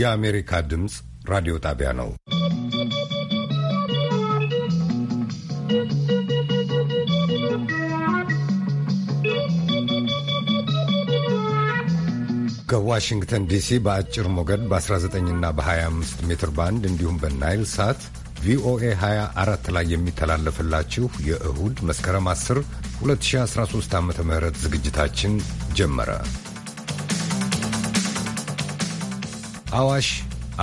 የአሜሪካ ድምፅ ራዲዮ ጣቢያ ነው። ከዋሽንግተን ዲሲ በአጭር ሞገድ በ19ና በ25 ሜትር ባንድ እንዲሁም በናይል ሳት ቪኦኤ 24 ላይ የሚተላለፍላችሁ የእሁድ መስከረም 10 2013 ዓ ም ዝግጅታችን ጀመረ። አዋሽ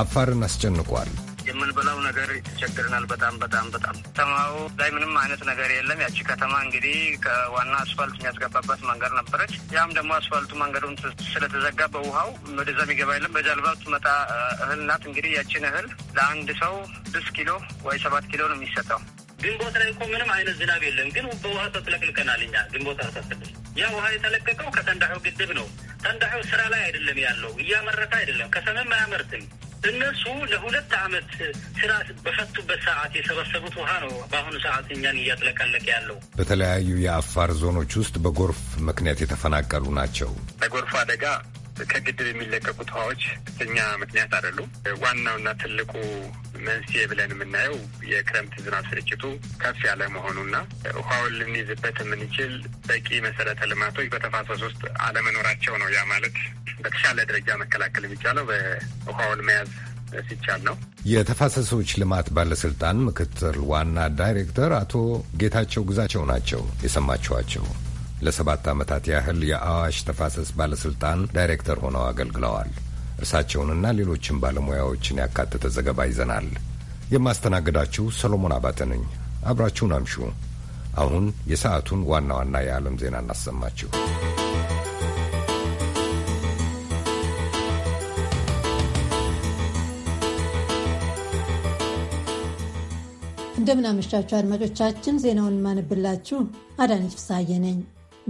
አፋርን አስጨንቋል። የምንበላው ነገር ይቸግርናል በጣም በጣም በጣም ከተማው ላይ ምንም አይነት ነገር የለም። ያቺ ከተማ እንግዲህ ከዋና አስፋልት የሚያስገባበት መንገድ ነበረች። ያም ደግሞ አስፋልቱ መንገዱን ስለተዘጋ በውሃው ወደዛ የሚገባ የለም። በጀልባ ትመጣ እህል ናት። እንግዲህ ያችን እህል ለአንድ ሰው ስድስት ኪሎ ወይ ሰባት ኪሎ ነው የሚሰጠው። ግንቦት ላይ እኮ ምንም አይነት ዝናብ የለም፣ ግን በውሃ ተጥለቅልቀናል። እኛ ግንቦት አሳስል ያ ውሃ የተለቀቀው ከተንዳሖ ግድብ ነው። ተንዳሖ ስራ ላይ አይደለም ያለው፣ እያመረተ አይደለም፣ ከሰምም አያመርትም። እነሱ ለሁለት አመት ስራ በፈቱበት ሰዓት የሰበሰቡት ውሃ ነው በአሁኑ ሰዓት እኛን እያጥለቀለቀ ያለው። በተለያዩ የአፋር ዞኖች ውስጥ በጎርፍ ምክንያት የተፈናቀሉ ናቸው። በጎርፍ አደጋ ከግድብ የሚለቀቁት ውሃዎች ከፍተኛ ምክንያት አይደሉም። ዋናውና ትልቁ መንስኤ ብለን የምናየው የክረምት ዝናብ ስርጭቱ ከፍ ያለ መሆኑና ውሃውን ልንይዝበት የምንችል በቂ መሰረተ ልማቶች በተፋሰስ ውስጥ አለመኖራቸው ነው። ያ ማለት በተሻለ ደረጃ መከላከል የሚቻለው በውሃውን መያዝ ሲቻል ነው። የተፋሰሶች ልማት ባለስልጣን ምክትል ዋና ዳይሬክተር አቶ ጌታቸው ግዛቸው ናቸው የሰማችኋቸው። ለሰባት ዓመታት ያህል የአዋሽ ተፋሰስ ባለስልጣን ዳይሬክተር ሆነው አገልግለዋል። እርሳቸውንና ሌሎችም ባለሙያዎችን ያካተተ ዘገባ ይዘናል። የማስተናግዳችሁ ሰሎሞን አባተ ነኝ። አብራችሁን አምሹ። አሁን የሰዓቱን ዋና ዋና የዓለም ዜና እናሰማችሁ። እንደምናመሻችሁ አድማጮቻችን፣ ዜናውን ማንብላችሁ አዳነች ፍሳዬ ነኝ።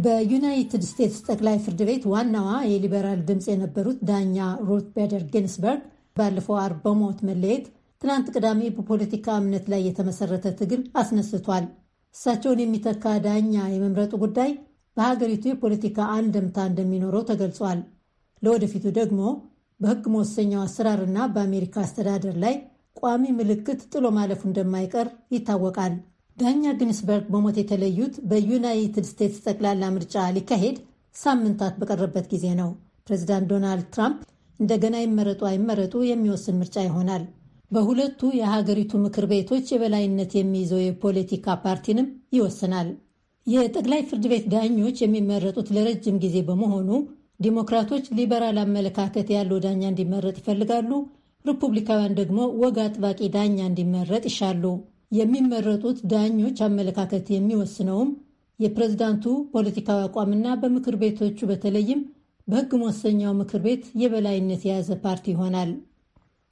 በዩናይትድ ስቴትስ ጠቅላይ ፍርድ ቤት ዋናዋ የሊበራል ድምፅ የነበሩት ዳኛ ሩት ቤደር ጊንስበርግ ባለፈው አርብ በሞት መለየት ትናንት ቅዳሜ በፖለቲካ እምነት ላይ የተመሰረተ ትግል አስነስቷል። እሳቸውን የሚተካ ዳኛ የመምረጡ ጉዳይ በሀገሪቱ የፖለቲካ አንድምታ እንደሚኖረው ተገልጿል። ለወደፊቱ ደግሞ በሕግ መወሰኛው አሰራርና በአሜሪካ አስተዳደር ላይ ቋሚ ምልክት ጥሎ ማለፉ እንደማይቀር ይታወቃል። ዳኛ ግንስበርግ በሞት የተለዩት በዩናይትድ ስቴትስ ጠቅላላ ምርጫ ሊካሄድ ሳምንታት በቀረበት ጊዜ ነው። ፕሬዚዳንት ዶናልድ ትራምፕ እንደገና ይመረጡ አይመረጡ የሚወስን ምርጫ ይሆናል። በሁለቱ የሀገሪቱ ምክር ቤቶች የበላይነት የሚይዘው የፖለቲካ ፓርቲንም ይወስናል። የጠቅላይ ፍርድ ቤት ዳኞች የሚመረጡት ለረጅም ጊዜ በመሆኑ ዲሞክራቶች ሊበራል አመለካከት ያለው ዳኛ እንዲመረጥ ይፈልጋሉ። ሪፑብሊካውያን ደግሞ ወግ አጥባቂ ዳኛ እንዲመረጥ ይሻሉ። የሚመረጡት ዳኞች አመለካከት የሚወስነውም የፕሬዝዳንቱ ፖለቲካዊ አቋምና በምክር ቤቶቹ በተለይም በሕግ መወሰኛው ምክር ቤት የበላይነት የያዘ ፓርቲ ይሆናል።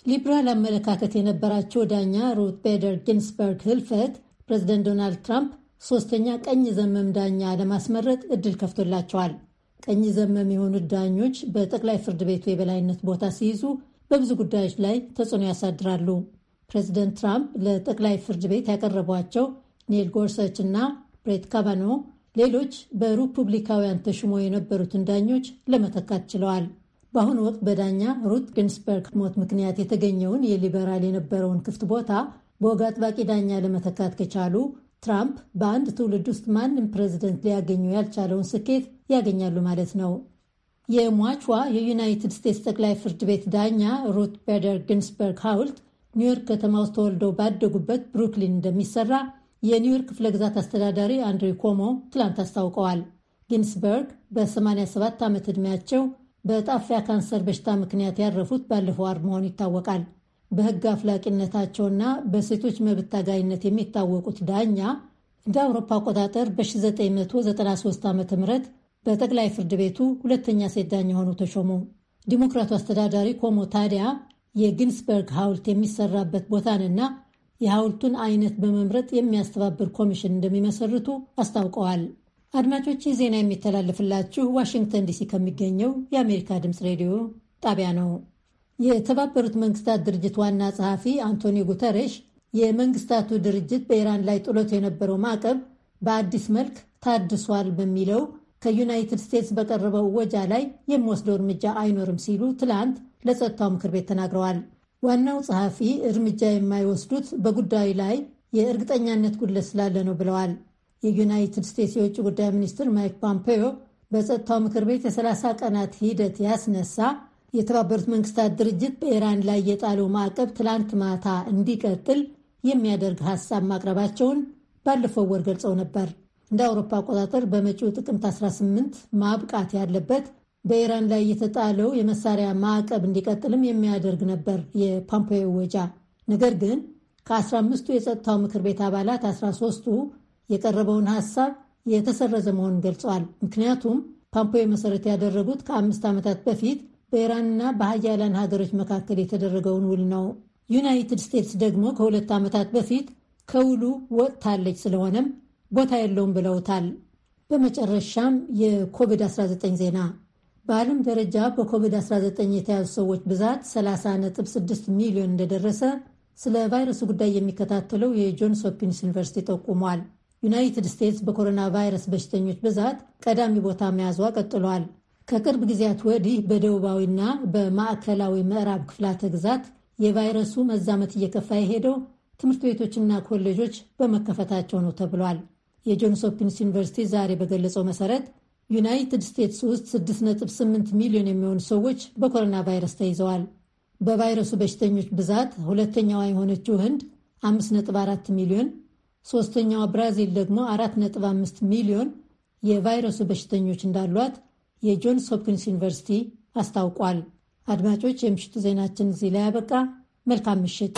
ሊብራል አመለካከት የነበራቸው ዳኛ ሩት ቤደር ጊንስበርግ ህልፈት ፕሬዝደንት ዶናልድ ትራምፕ ሶስተኛ ቀኝ ዘመም ዳኛ ለማስመረጥ እድል ከፍቶላቸዋል። ቀኝ ዘመም የሆኑት ዳኞች በጠቅላይ ፍርድ ቤቱ የበላይነት ቦታ ሲይዙ በብዙ ጉዳዮች ላይ ተጽዕኖ ያሳድራሉ። ፕሬዚደንት ትራምፕ ለጠቅላይ ፍርድ ቤት ያቀረቧቸው ኔል ጎርሰች እና ብሬት ካቫኖ ሌሎች በሪፑብሊካውያን ተሽሞ የነበሩትን ዳኞች ለመተካት ችለዋል። በአሁኑ ወቅት በዳኛ ሩት ግንስበርግ ሞት ምክንያት የተገኘውን የሊበራል የነበረውን ክፍት ቦታ በወግ አጥባቂ ዳኛ ለመተካት ከቻሉ ትራምፕ በአንድ ትውልድ ውስጥ ማንም ፕሬዚደንት ሊያገኙ ያልቻለውን ስኬት ያገኛሉ ማለት ነው። የሟቿ የዩናይትድ ስቴትስ ጠቅላይ ፍርድ ቤት ዳኛ ሩት ቤደር ግንስበርግ ሐውልት ኒውዮርክ ከተማ ውስጥ ተወልደው ባደጉበት ብሩክሊን እንደሚሰራ የኒውዮርክ ክፍለ ግዛት አስተዳዳሪ አንድሬ ኮሞ ትላንት አስታውቀዋል። ጊንስበርግ በ87 ዓመት ዕድሜያቸው በጣፊያ ካንሰር በሽታ ምክንያት ያረፉት ባለፈው አርብ መሆኑ ይታወቃል። በሕግ አፍላቂነታቸውና በሴቶች መብት ታጋይነት የሚታወቁት ዳኛ እንደ አውሮፓ አቆጣጠር በ1993 ዓ ም በጠቅላይ ፍርድ ቤቱ ሁለተኛ ሴት ዳኛ ሆነው ተሾሙ። ዲሞክራቱ አስተዳዳሪ ኮሞ ታዲያ የግንስበርግ ሐውልት የሚሰራበት ቦታንና የሐውልቱን አይነት በመምረጥ የሚያስተባብር ኮሚሽን እንደሚመሰርቱ አስታውቀዋል። አድማጮች ዜና የሚተላለፍላችሁ ዋሽንግተን ዲሲ ከሚገኘው የአሜሪካ ድምፅ ሬዲዮ ጣቢያ ነው። የተባበሩት መንግስታት ድርጅት ዋና ጸሐፊ አንቶኒዮ ጉተሬሽ የመንግስታቱ ድርጅት በኢራን ላይ ጥሎት የነበረው ማዕቀብ በአዲስ መልክ ታድሷል በሚለው ከዩናይትድ ስቴትስ በቀረበው ወጃ ላይ የሚወስደው እርምጃ አይኖርም ሲሉ ትላንት ለጸጥታው ምክር ቤት ተናግረዋል። ዋናው ጸሐፊ እርምጃ የማይወስዱት በጉዳዩ ላይ የእርግጠኛነት ጉድለት ስላለ ነው ብለዋል። የዩናይትድ ስቴትስ የውጭ ጉዳይ ሚኒስትር ማይክ ፖምፔዮ በጸጥታው ምክር ቤት የ30 ቀናት ሂደት ያስነሳ የተባበሩት መንግስታት ድርጅት በኢራን ላይ የጣለው ማዕቀብ ትላንት ማታ እንዲቀጥል የሚያደርግ ሀሳብ ማቅረባቸውን ባለፈው ወር ገልጸው ነበር። እንደ አውሮፓ አቆጣጠር በመጪው ጥቅምት 18 ማብቃት ያለበት በኢራን ላይ የተጣለው የመሳሪያ ማዕቀብ እንዲቀጥልም የሚያደርግ ነበር የፖምፔዮ ወጃ። ነገር ግን ከ15ቱ የጸጥታው ምክር ቤት አባላት 13ቱ የቀረበውን ሐሳብ የተሰረዘ መሆኑን ገልጸዋል። ምክንያቱም ፖምፔዮ መሰረት ያደረጉት ከአምስት ዓመታት በፊት በኢራንና በሀያላን ሀገሮች መካከል የተደረገውን ውል ነው። ዩናይትድ ስቴትስ ደግሞ ከሁለት ዓመታት በፊት ከውሉ ወጥታለች፣ ስለሆነም ቦታ የለውም ብለውታል። በመጨረሻም የኮቪድ-19 ዜና በዓለም ደረጃ በኮቪድ-19 የተያዙ ሰዎች ብዛት 30.6 ሚሊዮን እንደደረሰ ስለ ቫይረሱ ጉዳይ የሚከታተለው የጆንስ ሆፕኪንስ ዩኒቨርሲቲ ጠቁሟል። ዩናይትድ ስቴትስ በኮሮና ቫይረስ በሽተኞች ብዛት ቀዳሚ ቦታ መያዟ ቀጥሏል። ከቅርብ ጊዜያት ወዲህ በደቡባዊና በማዕከላዊ ምዕራብ ክፍላተ ግዛት የቫይረሱ መዛመት እየከፋ የሄደው ትምህርት ቤቶችና ኮሌጆች በመከፈታቸው ነው ተብሏል። የጆንስ ሆፕኪንስ ዩኒቨርሲቲ ዛሬ በገለጸው መሰረት ዩናይትድ ስቴትስ ውስጥ 6.8 ሚሊዮን የሚሆኑ ሰዎች በኮሮና ቫይረስ ተይዘዋል። በቫይረሱ በሽተኞች ብዛት ሁለተኛዋ የሆነችው ህንድ 5.4 ሚሊዮን፣ ሶስተኛዋ ብራዚል ደግሞ 4.5 ሚሊዮን የቫይረሱ በሽተኞች እንዳሏት የጆንስ ሆፕኪንስ ዩኒቨርሲቲ አስታውቋል። አድማጮች፣ የምሽቱ ዜናችን እዚህ ላይ ያበቃ። መልካም ምሽት።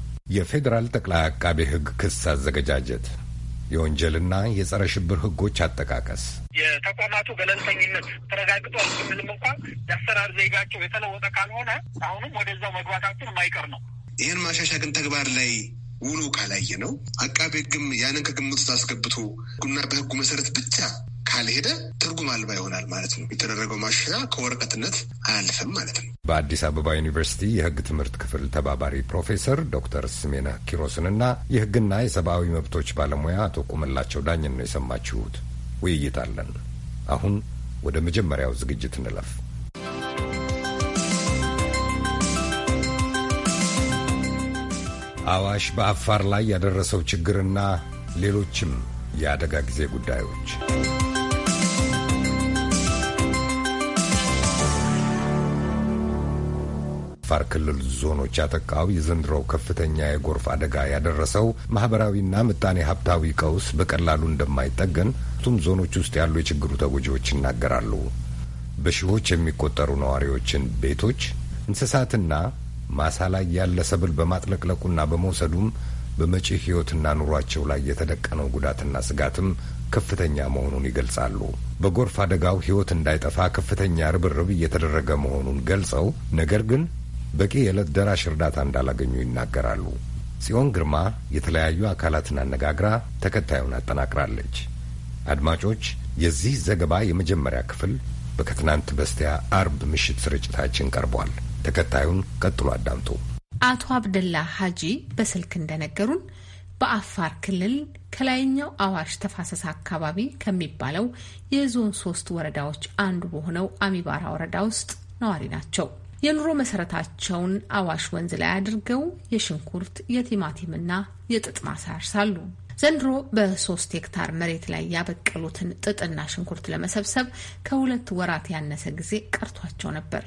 የፌዴራል ጠቅላይ አቃቤ ሕግ ክስ አዘገጃጀት፣ የወንጀልና የጸረ ሽብር ሕጎች አጠቃቀስ፣ የተቋማቱ ገለልተኝነት ተረጋግጧል ስንልም እንኳን የአሰራር ዜጋቸው የተለወጠ ካልሆነ አሁንም ወደዛው መግባታችን የማይቀር ነው። ይህን ግን ተግባር ላይ ውሉ ካላየ ነው አቃቤ ሕግም ያንን ከግምት አስገብቶ ሕጉና በህጉ መሰረት ብቻ ካልሄደ ትርጉም አልባ ይሆናል ማለት ነው። የተደረገው ማሻሻያ ከወረቀትነት አያልፍም ማለት ነው። በአዲስ አበባ ዩኒቨርሲቲ የህግ ትምህርት ክፍል ተባባሪ ፕሮፌሰር ዶክተር ስሜነ ኪሮስንና የህግና የሰብአዊ መብቶች ባለሙያ አቶ ቁምላቸው ዳኝን ነው የሰማችሁት። ውይይት አለን። አሁን ወደ መጀመሪያው ዝግጅት እንለፍ። አዋሽ በአፋር ላይ ያደረሰው ችግርና ሌሎችም የአደጋ ጊዜ ጉዳዮች አፋር ክልል ዞኖች ያጠቃው የዘንድሮው ከፍተኛ የጎርፍ አደጋ ያደረሰው ማህበራዊና ምጣኔ ሀብታዊ ቀውስ በቀላሉ እንደማይጠገን ቱም ዞኖች ውስጥ ያሉ የችግሩ ተጎጂዎች ይናገራሉ። በሺዎች የሚቆጠሩ ነዋሪዎችን ቤቶች፣ እንስሳትና ማሳ ላይ ያለ ሰብል በማጥለቅለቁና በመውሰዱም በመጪ ሕይወትና ኑሯቸው ላይ የተደቀነው ጉዳትና ስጋትም ከፍተኛ መሆኑን ይገልጻሉ። በጎርፍ አደጋው ሕይወት እንዳይጠፋ ከፍተኛ ርብርብ እየተደረገ መሆኑን ገልጸው ነገር ግን በቂ የዕለት ደራሽ እርዳታ እንዳላገኙ ይናገራሉ። ጽዮን ግርማ የተለያዩ አካላትን አነጋግራ ተከታዩን አጠናቅራለች። አድማጮች፣ የዚህ ዘገባ የመጀመሪያ ክፍል በከትናንት በስቲያ አርብ ምሽት ስርጭታችን ቀርቧል። ተከታዩን ቀጥሎ አዳምጡ። አቶ አብደላ ሀጂ በስልክ እንደነገሩን በአፋር ክልል ከላይኛው አዋሽ ተፋሰስ አካባቢ ከሚባለው የዞን ሶስት ወረዳዎች አንዱ በሆነው አሚባራ ወረዳ ውስጥ ነዋሪ ናቸው። የኑሮ መሰረታቸውን አዋሽ ወንዝ ላይ አድርገው የሽንኩርት የቲማቲምና የጥጥ ማሳ ያርሳሉ። ዘንድሮ በሶስት ሄክታር መሬት ላይ ያበቀሉትን ጥጥና ሽንኩርት ለመሰብሰብ ከሁለት ወራት ያነሰ ጊዜ ቀርቷቸው ነበር።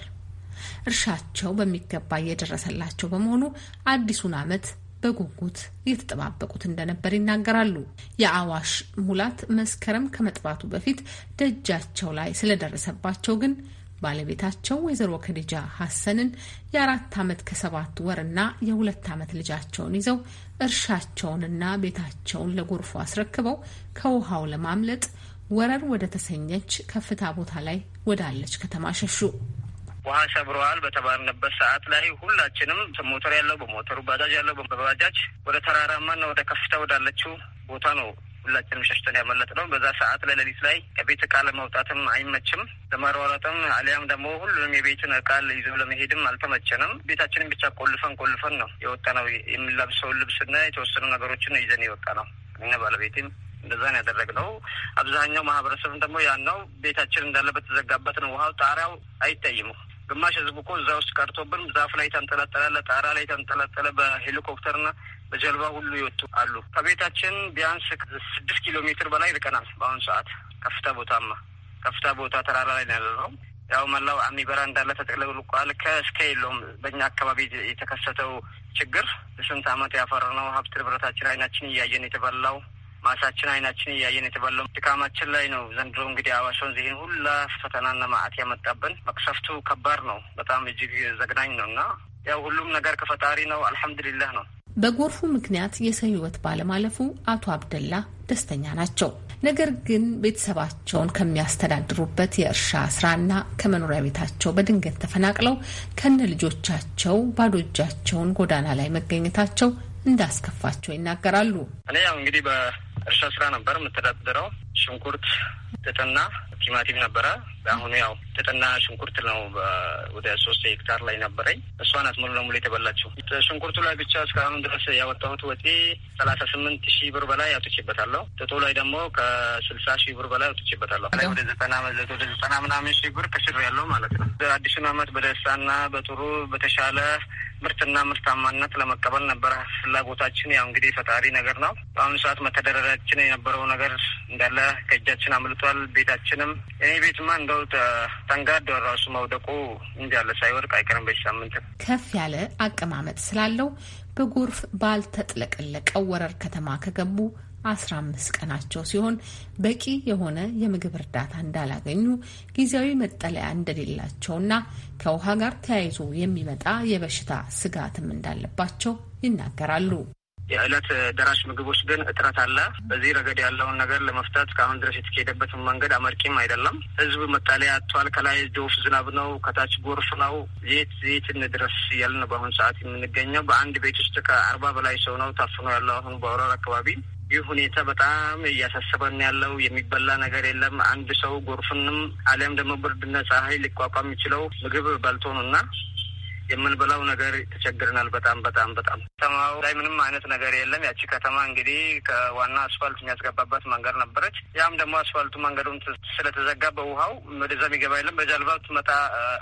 እርሻቸው በሚገባ እየደረሰላቸው በመሆኑ አዲሱን ዓመት በጉጉት እየተጠባበቁት እንደነበር ይናገራሉ። የአዋሽ ሙላት መስከረም ከመጥባቱ በፊት ደጃቸው ላይ ስለደረሰባቸው ግን ባለቤታቸው ወይዘሮ ከዲጃ ሀሰንን የአራት ዓመት ከሰባት ወርና የሁለት ዓመት ልጃቸውን ይዘው እርሻቸውንና ቤታቸውን ለጎርፉ አስረክበው ከውሃው ለማምለጥ ወረር ወደ ተሰኘች ከፍታ ቦታ ላይ ወዳለች ከተማ ሸሹ። ውሃ ሰብረዋል በተባልንበት ሰዓት ላይ ሁላችንም ሞተር ያለው በሞተሩ ባጃጅ ያለው በባጃጅ ወደ ተራራማና ወደ ከፍታ ወዳለችው ቦታ ነው ሁላችንም ሸሽተን ያመለጥ ነው። በዛ ሰዓት ላይ ሌሊት ላይ ከቤት እቃ ለመውጣትም አይመችም፣ ለመሯሯጥም አሊያም ደግሞ ሁሉንም የቤትን እቃ ይዞ ለመሄድም አልተመቸንም። ቤታችንን ብቻ ቆልፈን ቆልፈን ነው የወጣ ነው። የሚለብሰውን ልብስና የተወሰኑ ነገሮችን ይዘን የወጣ ነው። እኛ ባለቤቴም እንደዛ ነው ያደረግነው። አብዛኛው ማህበረሰብም ደግሞ ያን ነው ቤታችን እንዳለበት ተዘጋበት ነው። ውሃው ጣሪያው አይታይም። ግማሽ ህዝብ እኮ እዛ ውስጥ ቀርቶብን ዛፍ ላይ ተንጠለጠለ፣ ጣራ ላይ ተንጠለጠለ። በሄሊኮፕተርና በጀልባ ሁሉ ይወጡ አሉ። ከቤታችን ቢያንስ ስድስት ኪሎ ሜትር በላይ ርቀናል። በአሁኑ ሰዓት ከፍታ ቦታማ ከፍታ ቦታ ተራራ ላይ ነው ያው መላው አሚበራ እንዳለ ተጠቅልቋል። ከእስከ የለውም። በእኛ አካባቢ የተከሰተው ችግር ስንት ዓመት ያፈራነው ሀብት ንብረታችን አይናችን እያየን የተበላው ማሳችን አይናችን እያየን የተባለው ድካማችን ላይ ነው። ዘንድሮ እንግዲህ አዋሽ ወንዝ ይህን ሁላ ፈተናና ማዕት ያመጣብን መቅሰፍቱ ከባድ ነው። በጣም እጅግ ዘግናኝ ነው እና ያው ሁሉም ነገር ከፈጣሪ ነው። አልሐምዱሊላህ ነው። በጎርፉ ምክንያት የሰው ሕይወት ባለማለፉ አቶ አብደላ ደስተኛ ናቸው። ነገር ግን ቤተሰባቸውን ከሚያስተዳድሩበት የእርሻ ስራና ከመኖሪያ ቤታቸው በድንገት ተፈናቅለው ከነ ልጆቻቸው ባዶ እጃቸውን ጎዳና ላይ መገኘታቸው እንዳስከፋቸው ይናገራሉ። እኔ ያው እንግዲህ እርሻ ስራ ነበር የምተዳደረው። ሽንኩርት፣ ጥጥና ቲማቲም ነበረ። አሁኑ ያው ጥጥና ሽንኩርት ነው ወደ ሶስት ሄክታር ላይ ነበረኝ። እሷ ናት ሙሉ ለሙሉ የተበላችው። ሽንኩርቱ ላይ ብቻ እስካሁን ድረስ ያወጣሁት ወጪ ሰላሳ ስምንት ሺህ ብር በላይ አውጥቼበታለሁ። ጥጡ ላይ ደግሞ ከስልሳ ሺህ ብር በላይ አውጥቼበታለሁ። ላይ ወደ ዘጠና መዘት ወደ ዘጠና ምናምን ሺህ ብር ከስር ያለው ማለት ነው። አዲሱን አመት በደስታና በጥሩ በተሻለ ምርትና ምርታማነት ለመቀበል ነበረ ፍላጎታችን። ያው እንግዲህ ፈጣሪ ነገር ነው። በአሁኑ ሰዓት መተዳደሪያችን የነበረው ነገር እንዳለ ከእጃችን አምልጧል። ቤታችንም እኔ ቤትማ እንደው ተንጋዶ ራሱ መውደቁ እንጃለ ሳይወድቅ አይቀርም። በዚህ ሳምንት ከፍ ያለ አቀማመጥ ስላለው በጎርፍ ባልተጥለቀለቀው ወረር ከተማ ከገቡ 15 ቀናቸው ሲሆን በቂ የሆነ የምግብ እርዳታ እንዳላገኙ፣ ጊዜያዊ መጠለያ እንደሌላቸውና ከውሃ ጋር ተያይዞ የሚመጣ የበሽታ ስጋትም እንዳለባቸው ይናገራሉ። የዕለት ደራሽ ምግቦች ግን እጥረት አለ። በዚህ ረገድ ያለውን ነገር ለመፍታት ከአሁን ድረስ የተካሄደበትን መንገድ አመርቂም አይደለም። ህዝብ መጠለያ አጥቷል። ከላይ ዶፍ ዝናብ ነው፣ ከታች ጎርፍ ነው። ዜት የት እንድረስ እያልን በአሁን ሰዓት የምንገኘው በአንድ ቤት ውስጥ ከአርባ በላይ ሰው ነው ታፍኖ ያለው አሁን በአውራር አካባቢ ይህ ሁኔታ በጣም እያሳሰበን ያለው የሚበላ ነገር የለም። አንድ ሰው ጎርፍንም አሊያም ደግሞ ብርድና ፀሐይ ሊቋቋም የሚችለው ምግብ በልቶ ነው እና የምንበላው ነገር ተቸግረናል። በጣም በጣም በጣም ከተማው ላይ ምንም አይነት ነገር የለም። ያቺ ከተማ እንግዲህ ከዋና አስፋልት የሚያስገባበት መንገድ ነበረች። ያም ደግሞ አስፋልቱ መንገዱን ስለተዘጋ በውሃው ወደዛ የሚገባ የለም። በጀልባ ትመጣ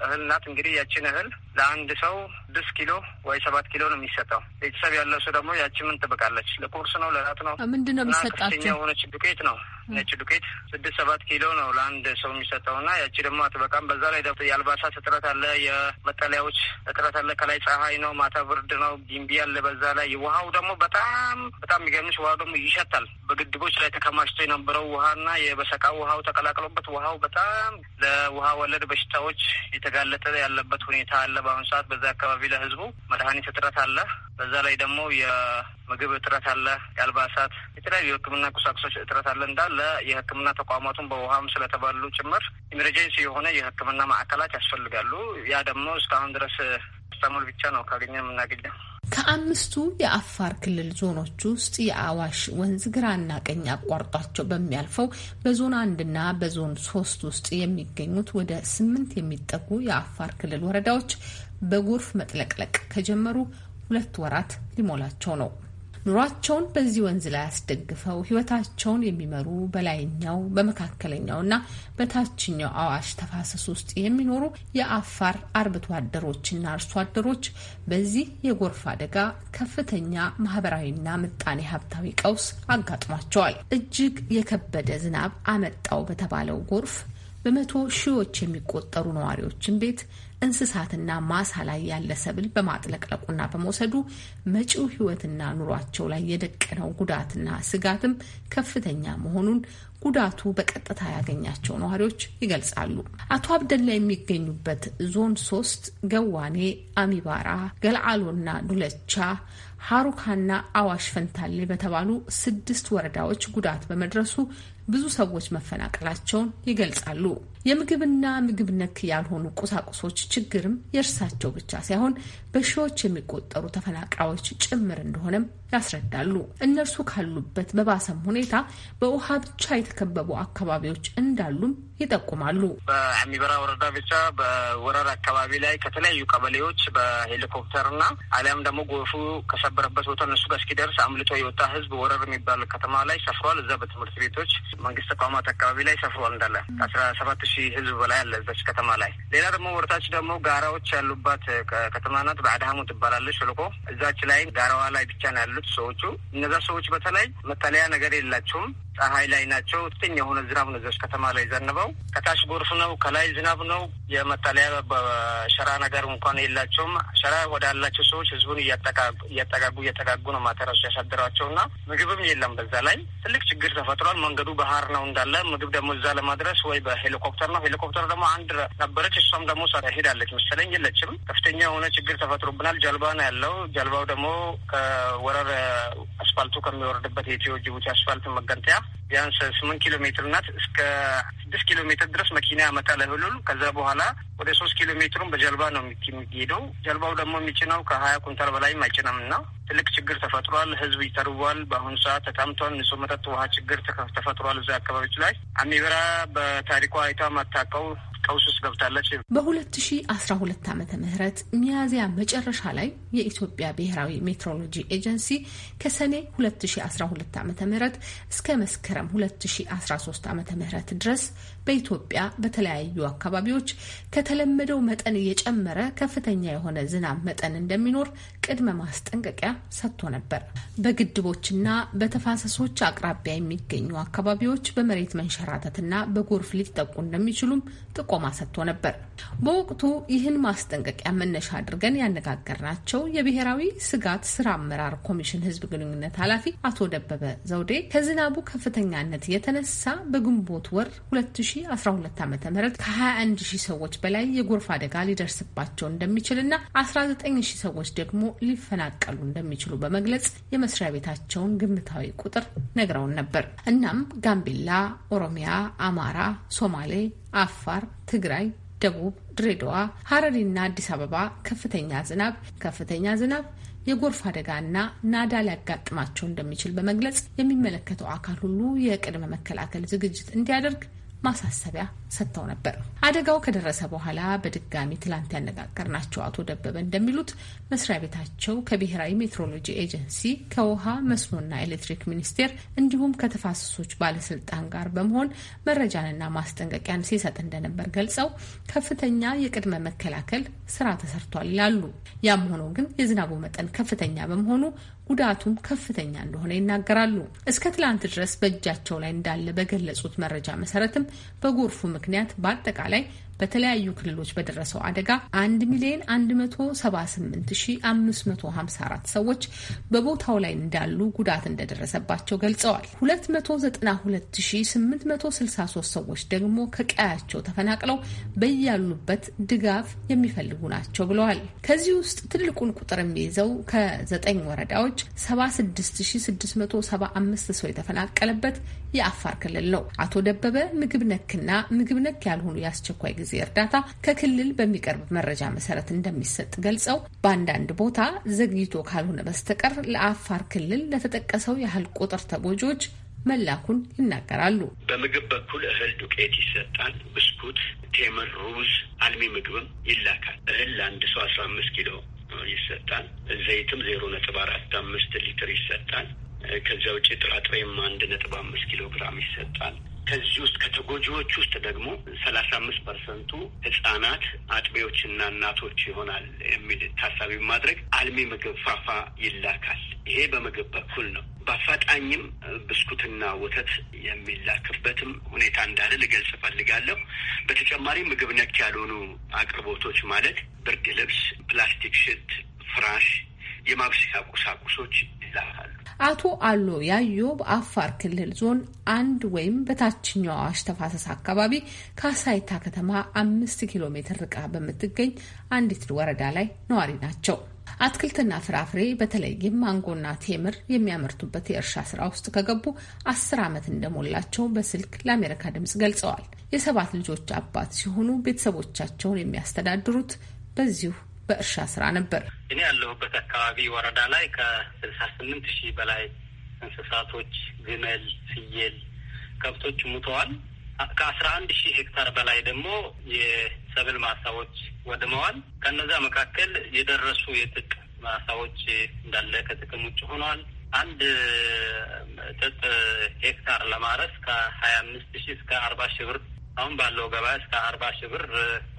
እህል ናት። እንግዲህ ያቺን እህል ለአንድ ሰው ስድስት ኪሎ ወይ ሰባት ኪሎ ነው የሚሰጠው። ቤተሰብ ያለው ሰው ደግሞ ያቺ ምን ትበቃለች? ለቁርስ ነው ለራት ነው ምንድን ነው የሚሰጣቸው? ነጭ ዱቄት ነው ነጭ ዱቄት ስድስት ሰባት ኪሎ ነው ለአንድ ሰው የሚሰጠው እና ያቺ ደግሞ አትበቃም። በዛ ላይ ደግሞ የአልባሳት እጥረት አለ፣ የመጠለያዎች እጥረት አለ። ከላይ ፀሐይ ነው፣ ማታ ብርድ ነው፣ ቢምቢ አለ። በዛ ላይ ውሃው ደግሞ በጣም በጣም የሚገርምሽ ውሃው ደግሞ ይሸታል። በግድቦች ላይ ተከማችቶ የነበረው ውሃና የበሰቃ ውሃው ተቀላቅሎበት ውሃው በጣም ለውሃ ወለድ በሽታዎች የተጋለጠ ያለበት ሁኔታ አለ በአሁኑ ሰዓት በዛ አካባቢ አካባቢ ለህዝቡ መድኃኒት እጥረት አለ። በዛ ላይ ደግሞ የምግብ እጥረት አለ። የአልባሳት፣ የተለያዩ የህክምና ቁሳቁሶች እጥረት አለ። እንዳለ የህክምና ተቋማቱን በውሃም ስለተባሉ ጭምር ኢመርጀንሲ የሆነ የህክምና ማዕከላት ያስፈልጋሉ። ያ ደግሞ እስካሁን ድረስ ስተሞል ብቻ ነው ካገኘ የምናገኘው። ከአምስቱ የአፋር ክልል ዞኖች ውስጥ የአዋሽ ወንዝ ግራና ቀኝ አቋርጧቸው በሚያልፈው በዞን አንድና በዞን ሶስት ውስጥ የሚገኙት ወደ ስምንት የሚጠጉ የአፋር ክልል ወረዳዎች በጎርፍ መጥለቅለቅ ከጀመሩ ሁለት ወራት ሊሞላቸው ነው። ኑሯቸውን በዚህ ወንዝ ላይ አስደግፈው ህይወታቸውን የሚመሩ በላይኛው በመካከለኛውና በታችኛው አዋሽ ተፋሰስ ውስጥ የሚኖሩ የአፋር አርብቶ አደሮችና አርሶ አደሮች በዚህ የጎርፍ አደጋ ከፍተኛ ማህበራዊና ምጣኔ ሀብታዊ ቀውስ አጋጥሟቸዋል። እጅግ የከበደ ዝናብ አመጣው በተባለው ጎርፍ በመቶ ሺዎች የሚቆጠሩ ነዋሪዎችን ቤት እንስሳትና ማሳ ላይ ያለ ሰብል በማጥለቅለቁና በመውሰዱ መጪው ሕይወትና ኑሯቸው ላይ የደቀነው ጉዳትና ስጋትም ከፍተኛ መሆኑን ጉዳቱ በቀጥታ ያገኛቸው ነዋሪዎች ይገልጻሉ። አቶ አብደላ የሚገኙበት ዞን ሶስት ገዋኔ፣ አሚባራ፣ ገልአሎና ዱለቻ ሀሩካና አዋሽ ፈንታሌ በተባሉ ስድስት ወረዳዎች ጉዳት በመድረሱ ብዙ ሰዎች መፈናቀላቸውን ይገልጻሉ። የምግብና ምግብ ነክ ያልሆኑ ቁሳቁሶች ችግርም የእርሳቸው ብቻ ሳይሆን በሺዎች የሚቆጠሩ ተፈናቃዮች ጭምር እንደሆነም ያስረዳሉ። እነርሱ ካሉበት በባሰም ሁኔታ በውሃ ብቻ ያልተከበቡ አካባቢዎች እንዳሉም ይጠቁማሉ። በአሚበራ ወረዳ ብቻ በወረር አካባቢ ላይ ከተለያዩ ቀበሌዎች በሄሊኮፕተርና አሊያም ደግሞ ጎርፉ ከሰበረበት ቦታ እነሱ ጋር እስኪደርስ አምልቶ የወጣ ህዝብ ወረር የሚባል ከተማ ላይ ሰፍሯል። እዛ በትምህርት ቤቶች፣ መንግስት ተቋማት አካባቢ ላይ ሰፍሯል። እንዳለ አስራ ሰባት ሺህ ህዝብ በላይ አለ እዛች ከተማ ላይ። ሌላ ደግሞ ወርታች ደግሞ ጋራዎች ያሉባት ከተማ ናት። በአድሃሙ ትባላለች። ሸለቆ እዛች ላይ ጋራዋ ላይ ብቻ ነው ያሉት ሰዎቹ። እነዛ ሰዎች በተለይ መጠለያ ነገር የላቸውም። ፀሐይ ላይ ናቸው። ዘውጥኝ የሆነ ዝናብ ነው እዚያች ከተማ ላይ ዘንበው ከታች ጎርፍ ነው፣ ከላይ ዝናብ ነው። የመጠለያ በሸራ ነገር እንኳን የላቸውም። ሸራ ወዳላቸው ሰዎች ህዝቡን እያጠጋጉ እያጠጋጉ ነው ማተራሱ ያሳድሯቸው እና ምግብም የለም። በዛ ላይ ትልቅ ችግር ተፈጥሯል። መንገዱ ባህር ነው እንዳለ ምግብ ደግሞ እዛ ለማድረስ ወይ በሄሊኮፕተር ነው። ሄሊኮፕተር ደግሞ አንድ ነበረች፣ እሷም ደግሞ ሄዳለች መሰለኝ የለችም። ከፍተኛ የሆነ ችግር ተፈጥሮብናል። ጀልባ ነው ያለው። ጀልባው ደግሞ ከወረር አስፋልቱ ከሚወርድበት የኢትዮ ጅቡቲ አስፋልት መገንጠያ ቢያንስ ስምንት ኪሎ ሜትር ናት። እስከ ስድስት ኪሎ ሜትር ድረስ መኪና ያመጣል እህሉን። ከዛ በኋላ ወደ ሶስት ኪሎ ሜትሩን በጀልባ ነው የሚሄደው። ጀልባው ደግሞ የሚጭነው ከሀያ ኩንታል በላይም አይጭነም እና ትልቅ ችግር ተፈጥሯል። ህዝብ ይተርቧል። በአሁኑ ሰዓት ተጣምቷል። ንጹህ መጠጥ ውሃ ችግር ተፈጥሯል። እዛ አካባቢዎች ላይ አሚበራ በታሪኳ አይታ ማታቀው ቀውስ ውስጥ ገብታለች። በሁለት ሺ አስራ ሁለት ዓመተ ምህረት ሚያዝያ መጨረሻ ላይ የኢትዮጵያ ብሔራዊ ሜትሮሎጂ ኤጀንሲ ከሰኔ ሁለት ሺ አስራ ሁለት ዓመተ ምህረት እስከ መስከረም ሁለት ሺ አስራ ሶስት ዓመተ ምህረት ድረስ በኢትዮጵያ በተለያዩ አካባቢዎች ከተለመደው መጠን እየጨመረ ከፍተኛ የሆነ ዝናብ መጠን እንደሚኖር ቅድመ ማስጠንቀቂያ ሰጥቶ ነበር። በግድቦችና በተፋሰሶች አቅራቢያ የሚገኙ አካባቢዎች በመሬት መንሸራተትና በጎርፍ ሊጠቁ እንደሚችሉም ጥቆማ ሰጥቶ ነበር። በወቅቱ ይህን ማስጠንቀቂያ መነሻ አድርገን ያነጋገርናቸው የብሔራዊ ስጋት ስራ አመራር ኮሚሽን ህዝብ ግንኙነት ኃላፊ አቶ ደበበ ዘውዴ ከዝናቡ ከፍተኛነት የተነሳ በግንቦት ወር 2012 ዓ ም ከ21 ሺህ ሰዎች በላይ የጎርፍ አደጋ ሊደርስባቸው እንደሚችልና 19 ሺህ ሰዎች ደግሞ ሊፈናቀሉ እንደሚችሉ በመግለጽ የመስሪያ ቤታቸውን ግምታዊ ቁጥር ነግረውን ነበር። እናም ጋምቤላ፣ ኦሮሚያ፣ አማራ፣ ሶማሌ፣ አፋር፣ ትግራይ ደቡብ፣ ድሬዳዋ፣ ሐረሪና አዲስ አበባ ከፍተኛ ዝናብ ከፍተኛ ዝናብ የጎርፍ አደጋና ናዳ ሊያጋጥማቸው እንደሚችል በመግለጽ የሚመለከተው አካል ሁሉ የቅድመ መከላከል ዝግጅት እንዲያደርግ ማሳሰቢያ ሰጥተው ነበር። አደጋው ከደረሰ በኋላ በድጋሚ ትላንት ያነጋገርናቸው አቶ ደበበ እንደሚሉት መስሪያ ቤታቸው ከብሔራዊ ሜትሮሎጂ ኤጀንሲ፣ ከውሃ መስኖና ኤሌክትሪክ ሚኒስቴር እንዲሁም ከተፋሰሶች ባለስልጣን ጋር በመሆን መረጃንና ማስጠንቀቂያን ሲሰጥ እንደነበር ገልጸው ከፍተኛ የቅድመ መከላከል ስራ ተሰርቷል ይላሉ። ያም ሆኖ ግን የዝናቡ መጠን ከፍተኛ በመሆኑ ጉዳቱም ከፍተኛ እንደሆነ ይናገራሉ። እስከ ትላንት ድረስ በእጃቸው ላይ እንዳለ በገለጹት መረጃ መሰረትም በጎርፉ ምክንያት በአጠቃላይ በተለያዩ ክልሎች በደረሰው አደጋ 1 ሚሊዮን 178554 ሰዎች በቦታው ላይ እንዳሉ ጉዳት እንደደረሰባቸው ገልጸዋል። 292863 ሰዎች ደግሞ ከቀያቸው ተፈናቅለው በያሉበት ድጋፍ የሚፈልጉ ናቸው ብለዋል። ከዚህ ውስጥ ትልቁን ቁጥር የሚይዘው ከዘጠኝ ወረዳዎች 76675 ሰው የተፈናቀለበት የአፋር ክልል ነው። አቶ ደበበ ምግብ ነክና ምግብ ነክ ያልሆኑ የአስቸኳይ ጊዜ ጊዜ እርዳታ ከክልል በሚቀርብ መረጃ መሰረት እንደሚሰጥ ገልጸው በአንዳንድ ቦታ ዘግይቶ ካልሆነ በስተቀር ለአፋር ክልል ለተጠቀሰው ያህል ቁጥር ተጎጂዎች መላኩን ይናገራሉ። በምግብ በኩል እህል ዱቄት ይሰጣል። ብስኩት፣ ቴምር፣ ሩዝ፣ አልሚ ምግብም ይላካል። እህል ለአንድ ሰው አስራ አምስት ኪሎ ይሰጣል። ዘይትም ዜሮ ነጥብ አራት አምስት ሊትር ይሰጣል። ከዚያ ውጭ ጥራጥሬም አንድ ነጥብ አምስት ኪሎ ግራም ይሰጣል። ከዚህ ውስጥ ከተጎጂዎች ውስጥ ደግሞ ሰላሳ አምስት ፐርሰንቱ ህጻናት አጥቢዎችና እናቶች ይሆናል የሚል ታሳቢ ማድረግ አልሚ ምግብ ፋፋ ይላካል። ይሄ በምግብ በኩል ነው። በአፋጣኝም ብስኩትና ወተት የሚላክበትም ሁኔታ እንዳለ ልገልጽ እፈልጋለሁ። በተጨማሪ ምግብ ነክ ያልሆኑ አቅርቦቶች ማለት ብርድ ልብስ፣ ፕላስቲክ ሽት፣ ፍራሽ የማብሰያ ቁሳቁሶች ይላካሉ። አቶ አሎ ያዩ በአፋር ክልል ዞን አንድ ወይም በታችኛው አዋሽ ተፋሰስ አካባቢ ከአሳይታ ከተማ አምስት ኪሎ ሜትር ርቃ በምትገኝ አንዲት ወረዳ ላይ ነዋሪ ናቸው። አትክልትና ፍራፍሬ በተለይም ማንጎና ቴምር የሚያመርቱበት የእርሻ ስራ ውስጥ ከገቡ አስር ዓመት እንደሞላቸው በስልክ ለአሜሪካ ድምጽ ገልጸዋል። የሰባት ልጆች አባት ሲሆኑ ቤተሰቦቻቸውን የሚያስተዳድሩት በዚሁ በእርሻ ስራ ነበር። እኔ ያለሁበት አካባቢ ወረዳ ላይ ከስልሳ ስምንት ሺህ በላይ እንስሳቶች ግመል፣ ፍየል፣ ከብቶች ሙተዋል። ከአስራ አንድ ሺህ ሄክታር በላይ ደግሞ የሰብል ማሳዎች ወድመዋል። ከነዛ መካከል የደረሱ የጥጥ ማሳዎች እንዳለ ከጥቅም ውጭ ሆነዋል። አንድ ጥጥ ሄክታር ለማረስ ከሀያ አምስት ሺህ እስከ አርባ ሺህ ብር አሁን ባለው ገበያ እስከ አርባ ሺህ ብር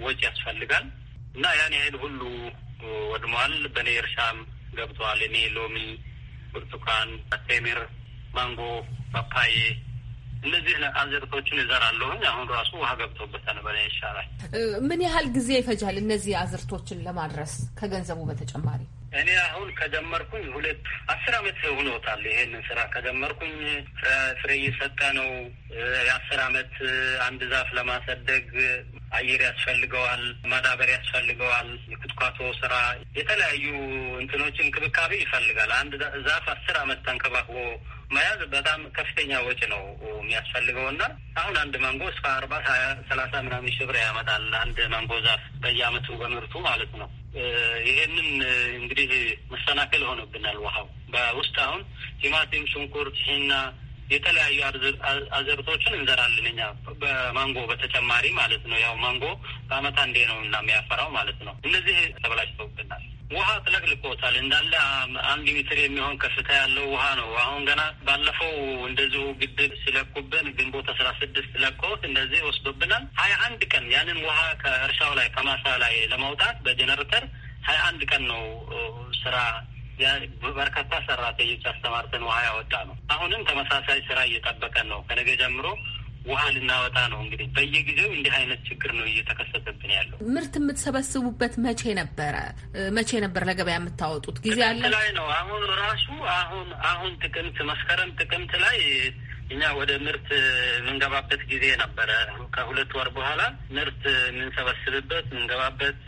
ወጪ ያስፈልጋል። እና ያን ያህል ሁሉ ወድመዋል። በእኔ እርሻም ገብተዋል። እኔ ሎሚ፣ ብርቱካን፣ ቴምር፣ ማንጎ፣ ፓፓዬ እነዚህ አዝርቶችን እዘራለሁኝ። አሁን ራሱ ውሃ ገብቶበታል። በላይ ይሻላል። ምን ያህል ጊዜ ይፈጃል እነዚህ አዝርቶችን ለማድረስ ከገንዘቡ በተጨማሪ? እኔ አሁን ከጀመርኩኝ ሁለት አስር አመት ሆኖታል። ይሄንን ስራ ከጀመርኩኝ ፍሬ እየሰጠ ነው። የአስር አመት አንድ ዛፍ ለማሳደግ አየር ያስፈልገዋል፣ ማዳበር ያስፈልገዋል። የኩትኳቶ ስራ የተለያዩ እንትኖች እንክብካቤ ይፈልጋል። አንድ ዛፍ አስር አመት ተንከባክቦ መያዝ በጣም ከፍተኛ ወጪ ነው የሚያስፈልገው እና አሁን አንድ ማንጎ እስከ አርባ ሀያ ሰላሳ ምናምን ሺህ ብር ያመጣል። አንድ ማንጎ ዛፍ በየአመቱ በምርቱ ማለት ነው። ይሄንን እንግዲህ መሰናክል ሆኖብናል። ውሃው በውስጥ አሁን ቲማቲም፣ ሽንኩርት፣ ሂና የተለያዩ አዘርቶችን እንዘራለን እኛ በማንጎ በተጨማሪ ማለት ነው። ያው ማንጎ በአመት አንዴ ነው እና የሚያፈራው ማለት ነው። እነዚህ ተበላሽተውብናል። ውሃ ጥለቅልቆታል እንዳለ አንድ ሜትር የሚሆን ከፍታ ያለው ውሃ ነው። አሁን ገና ባለፈው እንደዚሁ ግድብ ሲለቁብን ግንቦት አስራ ስድስት ለቀውት እንደዚህ ወስዶብናል። ሀያ አንድ ቀን ያንን ውሃ ከእርሻው ላይ ከማሳ ላይ ለማውጣት በጀነሬተር ሀያ አንድ ቀን ነው ስራ በርካታ ሰራተኞች አስተማርተን ውሃ ያወጣ ነው። አሁንም ተመሳሳይ ስራ እየጠበቀን ነው። ከነገ ጀምሮ ውሃ ልናወጣ ነው። እንግዲህ በየጊዜው እንዲህ አይነት ችግር ነው እየተከሰተብን ያለው። ምርት የምትሰበስቡበት መቼ ነበረ? መቼ ነበር ለገበያ የምታወጡት? ጊዜ አለ ላይ ነው። አሁን ራሱ አሁን አሁን ጥቅምት መስከረም ጥቅምት ላይ እኛ ወደ ምርት የምንገባበት ጊዜ ነበረ። ከሁለት ወር በኋላ ምርት የምንሰበስብበት የምንገባበት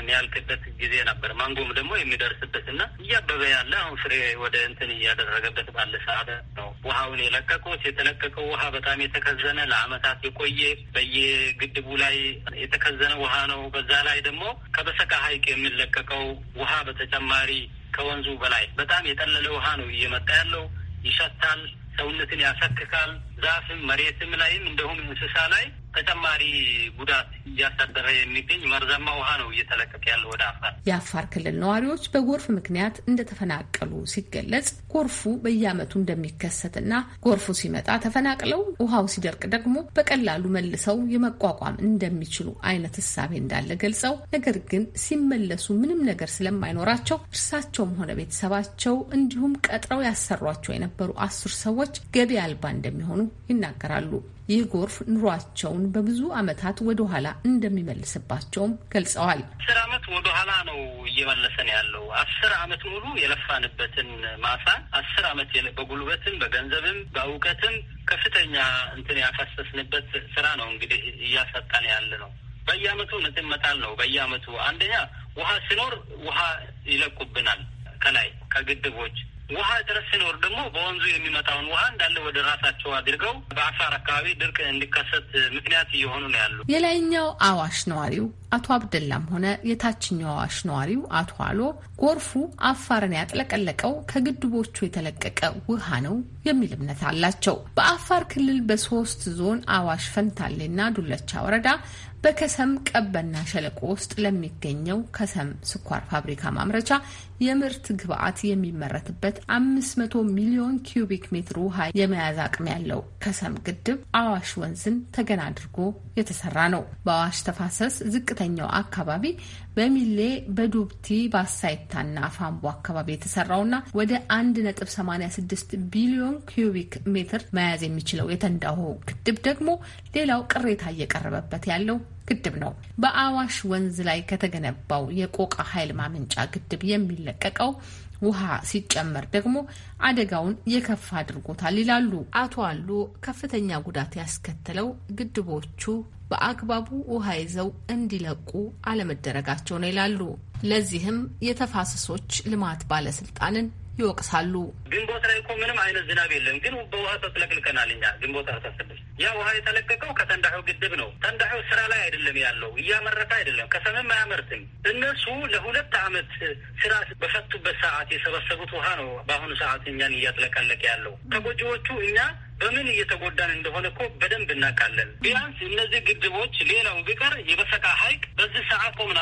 የሚያልቅበት ጊዜ ነበር። ማንጎም ደግሞ የሚደርስበት እና እያበበ ያለ አሁን ፍሬ ወደ እንትን እያደረገበት ባለ ሰዓት ነው ውሃውን የለቀቁት። የተለቀቀው ውሃ በጣም የተከዘነ ለአመታት የቆየ በየግድቡ ላይ የተከዘነ ውሃ ነው። በዛ ላይ ደግሞ ከበሰቃ ሐይቅ የሚለቀቀው ውሃ በተጨማሪ ከወንዙ በላይ በጣም የጠለለ ውሃ ነው እየመጣ ያለው ይሸታል። ሰውነትን ያሳክካል ዛፍም መሬትም ላይም እንደሁም እንስሳ ላይ ተጨማሪ ጉዳት እያሳደረ የሚገኝ መርዛማ ውሃ ነው እየተለቀቀ ያለ ወደ አፋር። የአፋር ክልል ነዋሪዎች በጎርፍ ምክንያት እንደተፈናቀሉ ሲገለጽ ጎርፉ በየዓመቱ እንደሚከሰትና ጎርፉ ሲመጣ ተፈናቅለው ውሃው ሲደርቅ ደግሞ በቀላሉ መልሰው የመቋቋም እንደሚችሉ አይነት እሳቤ እንዳለ ገልጸው፣ ነገር ግን ሲመለሱ ምንም ነገር ስለማይኖራቸው እርሳቸውም ሆነ ቤተሰባቸው እንዲሁም ቀጥረው ያሰሯቸው የነበሩ አስር ሰዎች ገቢ አልባ እንደሚሆኑ ይናገራሉ። ይህ ጎርፍ ኑሯቸውን በብዙ አመታት ወደ ኋላ እንደሚመልስባቸውም ገልጸዋል። አስር ዓመት ኋላ ነው እየመለሰን ያለው። አስር አመት ሙሉ የለፋንበትን ማሳ አስር ዓመት በጉልበትም፣ በገንዘብም፣ በእውቀትም ከፍተኛ እንትን ያፈሰስንበት ስራ ነው እንግዲህ እያሳጣን ያለ ነው። በየዓመቱ እንትን መጣል ነው። በየዓመቱ አንደኛ ውሃ ሲኖር ውሃ ይለቁብናል ከላይ ከግድቦች ውሃ እጥረት ሲኖር ደግሞ በወንዙ የሚመጣውን ውሃ እንዳለ ወደ ራሳቸው አድርገው በአፋር አካባቢ ድርቅ እንዲከሰት ምክንያት እየሆኑ ነው ያሉ የላይኛው አዋሽ ነዋሪው አቶ አብደላም ሆነ የታችኛው አዋሽ ነዋሪው አቶ አሎ ጎርፉ አፋርን ያጥለቀለቀው ከግድቦቹ የተለቀቀ ውሃ ነው የሚል እምነት አላቸው። በአፋር ክልል በሶስት ዞን አዋሽ ፈንታሌና ዱለቻ ወረዳ በከሰም ቀበና ሸለቆ ውስጥ ለሚገኘው ከሰም ስኳር ፋብሪካ ማምረቻ የምርት ግብዓት የሚመረትበት 500 ሚሊዮን ኪዩቢክ ሜትር ውሃ የመያዝ አቅም ያለው ከሰም ግድብ አዋሽ ወንዝን ተገና አድርጎ የተሰራ ነው። በአዋሽ ተፋሰስ ዝቅተኛው አካባቢ በሚሌ በዱብቲ በአሳይታና አፋምቦ አካባቢ የተሰራውና ወደ 1.86 ቢሊዮን ኪዩቢክ ሜትር መያዝ የሚችለው የተንዳሆ ግድብ ደግሞ ሌላው ቅሬታ እየቀረበበት ያለው ግድብ ነው። በአዋሽ ወንዝ ላይ ከተገነባው የቆቃ ኃይል ማመንጫ ግድብ የሚለቀቀው ውሃ ሲጨመር ደግሞ አደጋውን የከፋ አድርጎታል ይላሉ አቶ አሉ። ከፍተኛ ጉዳት ያስከተለው ግድቦቹ በአግባቡ ውሃ ይዘው እንዲለቁ አለመደረጋቸው ነው ይላሉ። ለዚህም የተፋሰሶች ልማት ባለስልጣንን ይወቅሳሉ። ግንቦት ላይ እኮ ምንም አይነት ዝናብ የለም፣ ግን በውሃ ተጥለቅልቀናል። እኛ ግንቦት አርተስልስ ያ ውሃ የተለቀቀው ከተንዳሑ ግድብ ነው። ተንዳሑ ስራ ላይ አይደለም ያለው፣ እያመረተ አይደለም፣ ከሰምም አያመርትም። እነሱ ለሁለት አመት ስራ በፈቱበት ሰዓት የሰበሰቡት ውሃ ነው በአሁኑ ሰዓት እኛን እያጥለቀለቀ ያለው። ተጎጂዎቹ እኛ በምን እየተጎዳን እንደሆነ እኮ በደንብ እናውቃለን። ቢያንስ እነዚህ ግድቦች ሌላው ቢቀር የበሰቃ ሀይቅ በዚህ ሰዓት ቆምና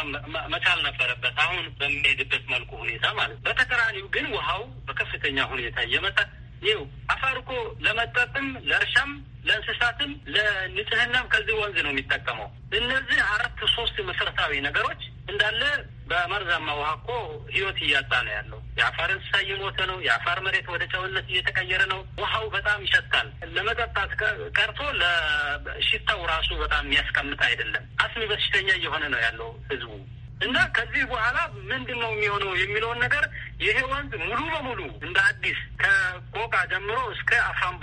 መቻል ነበረበት። አሁን በሚሄድበት መልኩ ሁኔታ ማለት በተቃራኒው ግን ውሃው በከፍተኛ ሁኔታ እየመጣ ይኸው አፋር እኮ ለመጠጥም ለእርሻም ለእንስሳትም ለንጽህናም ከዚህ ወንዝ ነው የሚጠቀመው። እነዚህ አራት ሶስት መሰረታዊ ነገሮች እንዳለ በመርዛማ ውሃ እኮ ህይወት እያጣ ነው ያለው። የአፋር እንስሳ እየሞተ ነው። የአፋር መሬት ወደ ጨውነት እየተቀየረ ነው። ውሃው በጣም ይሸታል። ለመጠጣት ቀርቶ ለሽታው ራሱ በጣም የሚያስቀምጥ አይደለም። አስሚ በሽተኛ እየሆነ ነው ያለው ህዝቡ። እና ከዚህ በኋላ ምንድን ነው የሚሆነው የሚለውን ነገር ይሄ ወንዝ ሙሉ በሙሉ እንደ አዲስ ከቆቃ ጀምሮ እስከ አፋምቧ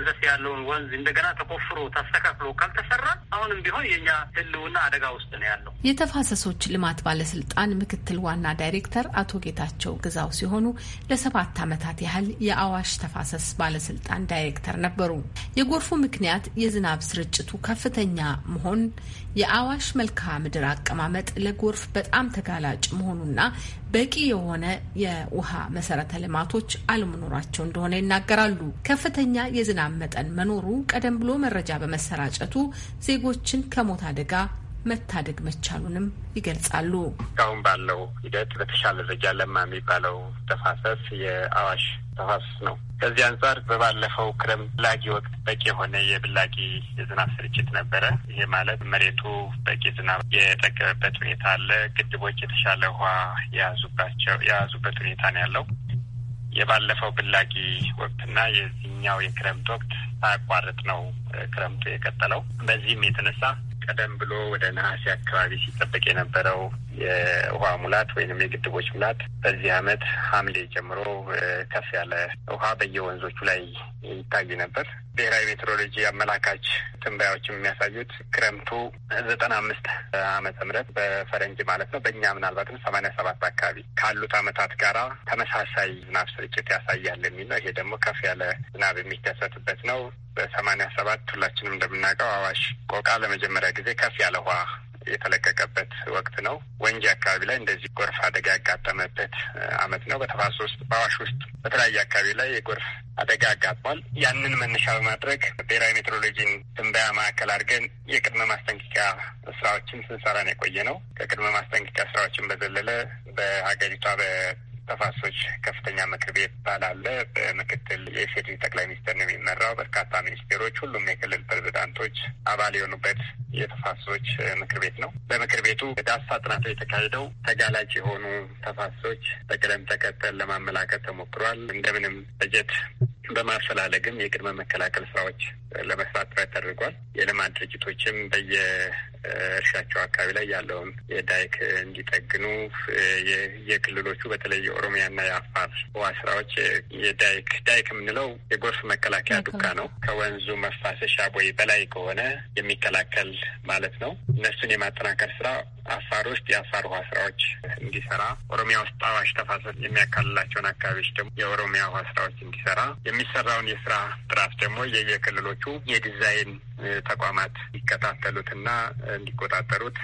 ድረስ ያለውን ወንዝ እንደገና ተቆፍሮ ተስተካክሎ ካልተሰራ አሁንም ቢሆን የኛ ሕልውና አደጋ ውስጥ ነው ያለው። የተፋሰሶች ልማት ባለስልጣን ምክትል ዋና ዳይሬክተር አቶ ጌታቸው ግዛው ሲሆኑ ለሰባት ዓመታት ያህል የአዋሽ ተፋሰስ ባለስልጣን ዳይሬክተር ነበሩ። የጎርፉ ምክንያት የዝናብ ስርጭቱ ከፍተኛ መሆን፣ የአዋሽ መልክዓ ምድር አቀማመጥ ለጎርፍ በጣም ተጋላጭ መሆኑና በቂ የሆነ የውሃ መሰረተ ልማቶች አለመኖራቸው እንደሆነ ይናገራሉ። ከፍተኛ የዝናብ መጠን መኖሩ ቀደም ብሎ መረጃ በመሰራጨቱ ዜጎችን ከሞት አደጋ መታደግ መቻሉንም ይገልጻሉ። እስካሁን ባለው ሂደት በተሻለ ደረጃ ለማ የሚባለው ተፋሰስ የአዋሽ ተፋሰስ ነው። ከዚህ አንጻር በባለፈው ክረምት ብላጊ ወቅት በቂ የሆነ የብላጊ የዝናብ ስርጭት ነበረ። ይሄ ማለት መሬቱ በቂ ዝናብ የጠቀበበት ሁኔታ አለ። ግድቦች የተሻለ ውሃ የያዙባቸው የያዙበት ሁኔታ ነው ያለው። የባለፈው ብላጊ ወቅትና የዚህኛው የክረምት ወቅት ሳያቋርጥ ነው ክረምቱ የቀጠለው። በዚህም የተነሳ ቀደም ብሎ ወደ ነሐሴ አካባቢ ሲጠበቅ የነበረው የውሃ ሙላት ወይም የግድቦች ሙላት በዚህ አመት ሐምሌ ጀምሮ ከፍ ያለ ውሃ በየወንዞቹ ላይ ይታይ ነበር። ብሔራዊ ሜትሮሎጂ አመላካች ትንበያዎችም የሚያሳዩት ክረምቱ ዘጠና አምስት አመተ ምህረት በፈረንጅ ማለት ነው። በእኛ ምናልባትም ሰማኒያ ሰባት አካባቢ ካሉት አመታት ጋራ ተመሳሳይ ዝናብ ስርጭት ያሳያል የሚል ነው። ይሄ ደግሞ ከፍ ያለ ዝናብ የሚከሰትበት ነው። በሰማኒያ ሰባት ሁላችንም እንደምናውቀው አዋሽ ቆቃ ለመጀመሪያ ጊዜ ከፍ ያለ ውሃ የተለቀቀበት ወቅት ነው። ወንጂ አካባቢ ላይ እንደዚህ ጎርፍ አደጋ ያጋጠመበት አመት ነው። በተፋሰስ ውስጥ በአዋሽ ውስጥ በተለያየ አካባቢ ላይ የጎርፍ አደጋ አጋጥሟል። ያንን መነሻ በማድረግ ብሔራዊ ሜትሮሎጂን ትንበያ ማዕከል አድርገን የቅድመ ማስጠንቀቂያ ስራዎችን ስንሰራን የቆየ ነው። ከቅድመ ማስጠንቀቂያ ስራዎችን በዘለለ በሀገሪቷ ጠፋሶች ከፍተኛ ምክር ቤት ባላለ በምክትል የኢፌዴሪ ጠቅላይ ሚኒስትር ነው የሚመራው። በርካታ ሚኒስቴሮች፣ ሁሉም የክልል ፕሬዝዳንቶች አባል የሆኑበት የተፋሶች ምክር ቤት ነው። በምክር ቤቱ ዳሳ ጥናት የተካሄደው ተጋላጭ የሆኑ ተፋሶች በቅደም ተከተል ለማመላከት ተሞክሯል። እንደምንም በጀት በማፈላለግም የቅድመ መከላከል ስራዎች ለመስራት ጥረት ተደርጓል። የልማት ድርጅቶችም በየእርሻቸው አካባቢ ላይ ያለውን የዳይክ እንዲጠግኑ የክልሎቹ በተለይ የኦሮሚያና የአፋር ውሃ ስራዎች የዳይክ ዳይክ የምንለው የጎርፍ መከላከያ ዱካ ነው። ከወንዙ መፋሰሻ ቦይ በላይ ከሆነ የሚከላከል ማለት ነው። እነሱን የማጠናከር ስራ አፋር ውስጥ የአፋር ውሃ ስራዎች እንዲሰራ፣ ኦሮሚያ ውስጥ አዋሽ ተፋሰስ የሚያካልላቸውን አካባቢዎች ደግሞ የኦሮሚያ ውሃ ስራዎች እንዲሰራ የሚሰራውን የስራ ጥራት ደግሞ የየክልሎቹ የዲዛይን ተቋማት ይከታተሉትና እንዲቆጣጠሩት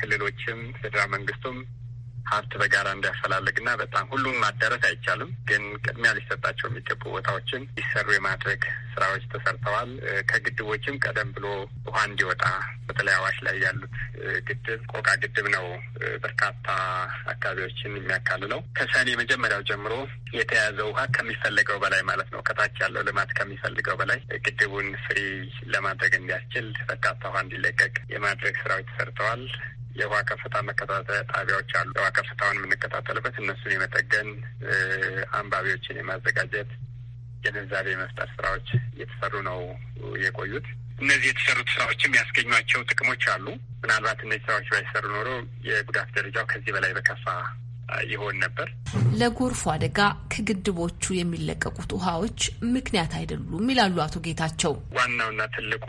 ክልሎችም፣ ፌዴራል መንግስቱም ሀብት በጋራ እንዲያፈላልግና በጣም ሁሉን ማዳረስ አይቻልም፣ ግን ቅድሚያ ሊሰጣቸው የሚገቡ ቦታዎችን ሊሰሩ የማድረግ ስራዎች ተሰርተዋል። ከግድቦችም ቀደም ብሎ ውሃ እንዲወጣ በተለይ አዋሽ ላይ ያሉት ግድብ ቆቃ ግድብ ነው በርካታ አካባቢዎችን የሚያካልለው። ከሰኔ መጀመሪያው ጀምሮ የተያዘ ውሃ ከሚፈለገው በላይ ማለት ነው ከታች ያለው ልማት ከሚፈልገው በላይ ግድቡን ፍሪ ለማድረግ እንዲያስችል በርካታ ውሃ እንዲለቀቅ የማድረግ ስራዎች ተሰርተዋል። የውሃ ከፍታ መከታተያ ጣቢያዎች አሉ። የውሃ ከፍታውን የምንከታተልበት እነሱን የመጠገን አንባቢዎችን የማዘጋጀት ግንዛቤ መፍጠር ስራዎች እየተሰሩ ነው የቆዩት። እነዚህ የተሰሩት ስራዎችም ያስገኟቸው ጥቅሞች አሉ። ምናልባት እነዚህ ስራዎች ባይሰሩ ኖሮ የጉዳት ደረጃው ከዚህ በላይ በከፋ ይሆን ነበር። ለጎርፉ አደጋ ከግድቦቹ የሚለቀቁት ውሃዎች ምክንያት አይደሉም ይላሉ አቶ ጌታቸው። ዋናውና ትልቁ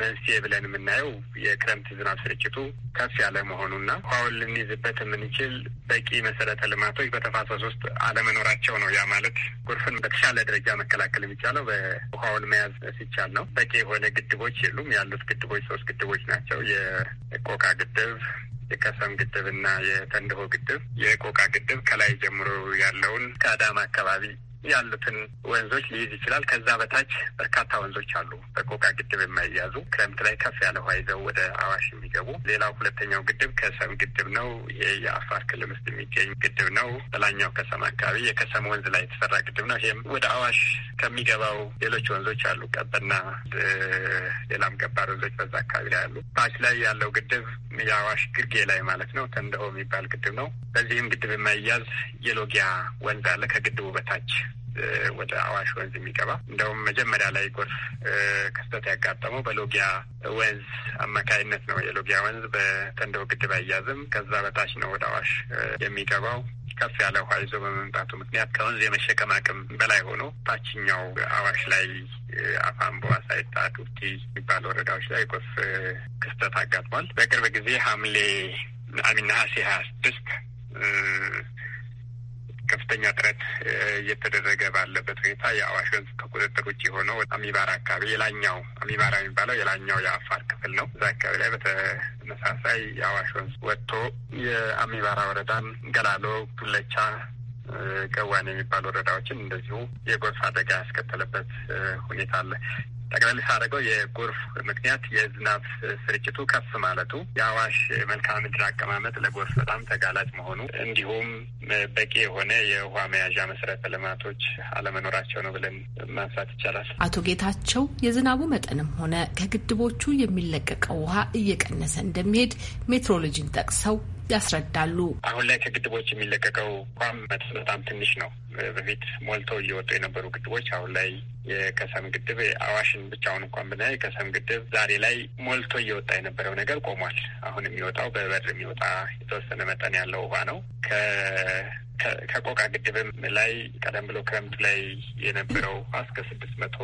መንስኤ ብለን የምናየው የክረምት ዝናብ ስርጭቱ ከፍ ያለ መሆኑና ውሃውን ልንይዝበት የምንችል በቂ መሰረተ ልማቶች በተፋሰሱ ውስጥ አለመኖራቸው ነው። ያ ማለት ጎርፍን በተሻለ ደረጃ መከላከል የሚቻለው በውሃውን መያዝ ሲቻል ነው። በቂ የሆነ ግድቦች የሉም። ያሉት ግድቦች ሶስት ግድቦች ናቸው። የቆቃ ግድብ፣ የከሰም ግድብ እና የተንድሆ ግድብ፣ የቆቃ ግድብ ከላይ ጀምሮ ያለውን ከአዳማ አካባቢ ያሉትን ወንዞች ሊይዝ ይችላል። ከዛ በታች በርካታ ወንዞች አሉ በቆቃ ግድብ የማይያዙ ክረምት ላይ ከፍ ያለ ውሃ ይዘው ወደ አዋሽ የሚገቡ። ሌላው ሁለተኛው ግድብ ከሰም ግድብ ነው። ይሄ የአፋር ክልል ውስጥ የሚገኝ ግድብ ነው። በላይኛው ከሰም አካባቢ የከሰም ወንዝ ላይ የተሰራ ግድብ ነው። ይህም ወደ አዋሽ ከሚገባው ሌሎች ወንዞች አሉ። ቀበና፣ ሌላም ገባር ወንዞች በዛ አካባቢ ላይ አሉ። ታች ላይ ያለው ግድብ የአዋሽ ግርጌ ላይ ማለት ነው ተንደሆ የሚባል ግድብ ነው። በዚህም ግድብ የማይያዝ የሎጊያ ወንዝ አለ ከግድቡ በታች ወደ አዋሽ ወንዝ የሚገባ እንደውም መጀመሪያ ላይ ጎርፍ ክስተት ያጋጠመው በሎጊያ ወንዝ አማካይነት ነው። የሎጊያ ወንዝ በተንደው ግድብ አያዝም። ከዛ በታች ነው ወደ አዋሽ የሚገባው። ከፍ ያለ ውሃ ይዞ በመምጣቱ ምክንያት ከወንዝ የመሸከም አቅም በላይ ሆኖ ታችኛው አዋሽ ላይ አፋምቦ፣ ሳይታ፣ ዱፍቲ የሚባሉ ወረዳዎች ላይ ጎርፍ ክስተት አጋጥሟል። በቅርብ ጊዜ ሐምሌ አሚና ነሐሴ ሀያ ስድስት ከፍተኛ ጥረት እየተደረገ ባለበት ሁኔታ የአዋሽ ወንዝ ከቁጥጥር ውጭ የሆነው አሚባራ አካባቢ የላኛው አሚባራ የሚባለው የላኛው የአፋር ክፍል ነው። እዛ አካባቢ ላይ በተመሳሳይ የአዋሽ ወንዝ ወጥቶ የአሚባራ ወረዳን ገላሎ፣ ዱለቻ ገዋን የሚባሉ ወረዳዎችን እንደዚሁ የጎርፍ አደጋ ያስከተለበት ሁኔታ አለ። ጠቅለል ሳደርገው የጎርፍ ምክንያት የዝናብ ስርጭቱ ከፍ ማለቱ፣ የአዋሽ መልክዓ ምድር አቀማመጥ ለጎርፍ በጣም ተጋላጭ መሆኑ፣ እንዲሁም በቂ የሆነ የውሃ መያዣ መሰረተ ልማቶች አለመኖራቸው ነው ብለን ማንሳት ይቻላል። አቶ ጌታቸው የዝናቡ መጠንም ሆነ ከግድቦቹ የሚለቀቀው ውሃ እየቀነሰ እንደሚሄድ ሜትሮሎጂን ጠቅሰው ያስረዳሉ። አሁን ላይ ከግድቦች የሚለቀቀው ቋም በጣም ትንሽ ነው። በፊት ሞልተው እየወጡ የነበሩ ግድቦች አሁን ላይ የከሰም ግድብ አዋሽን ብቻውን እንኳን ብና የከሰም ግድብ ዛሬ ላይ ሞልቶ እየወጣ የነበረው ነገር ቆሟል። አሁን የሚወጣው በበር የሚወጣ የተወሰነ መጠን ያለው ውሃ ነው። ከቆቃ ግድብም ላይ ቀደም ብሎ ክረምት ላይ የነበረው እስከ ስድስት መቶ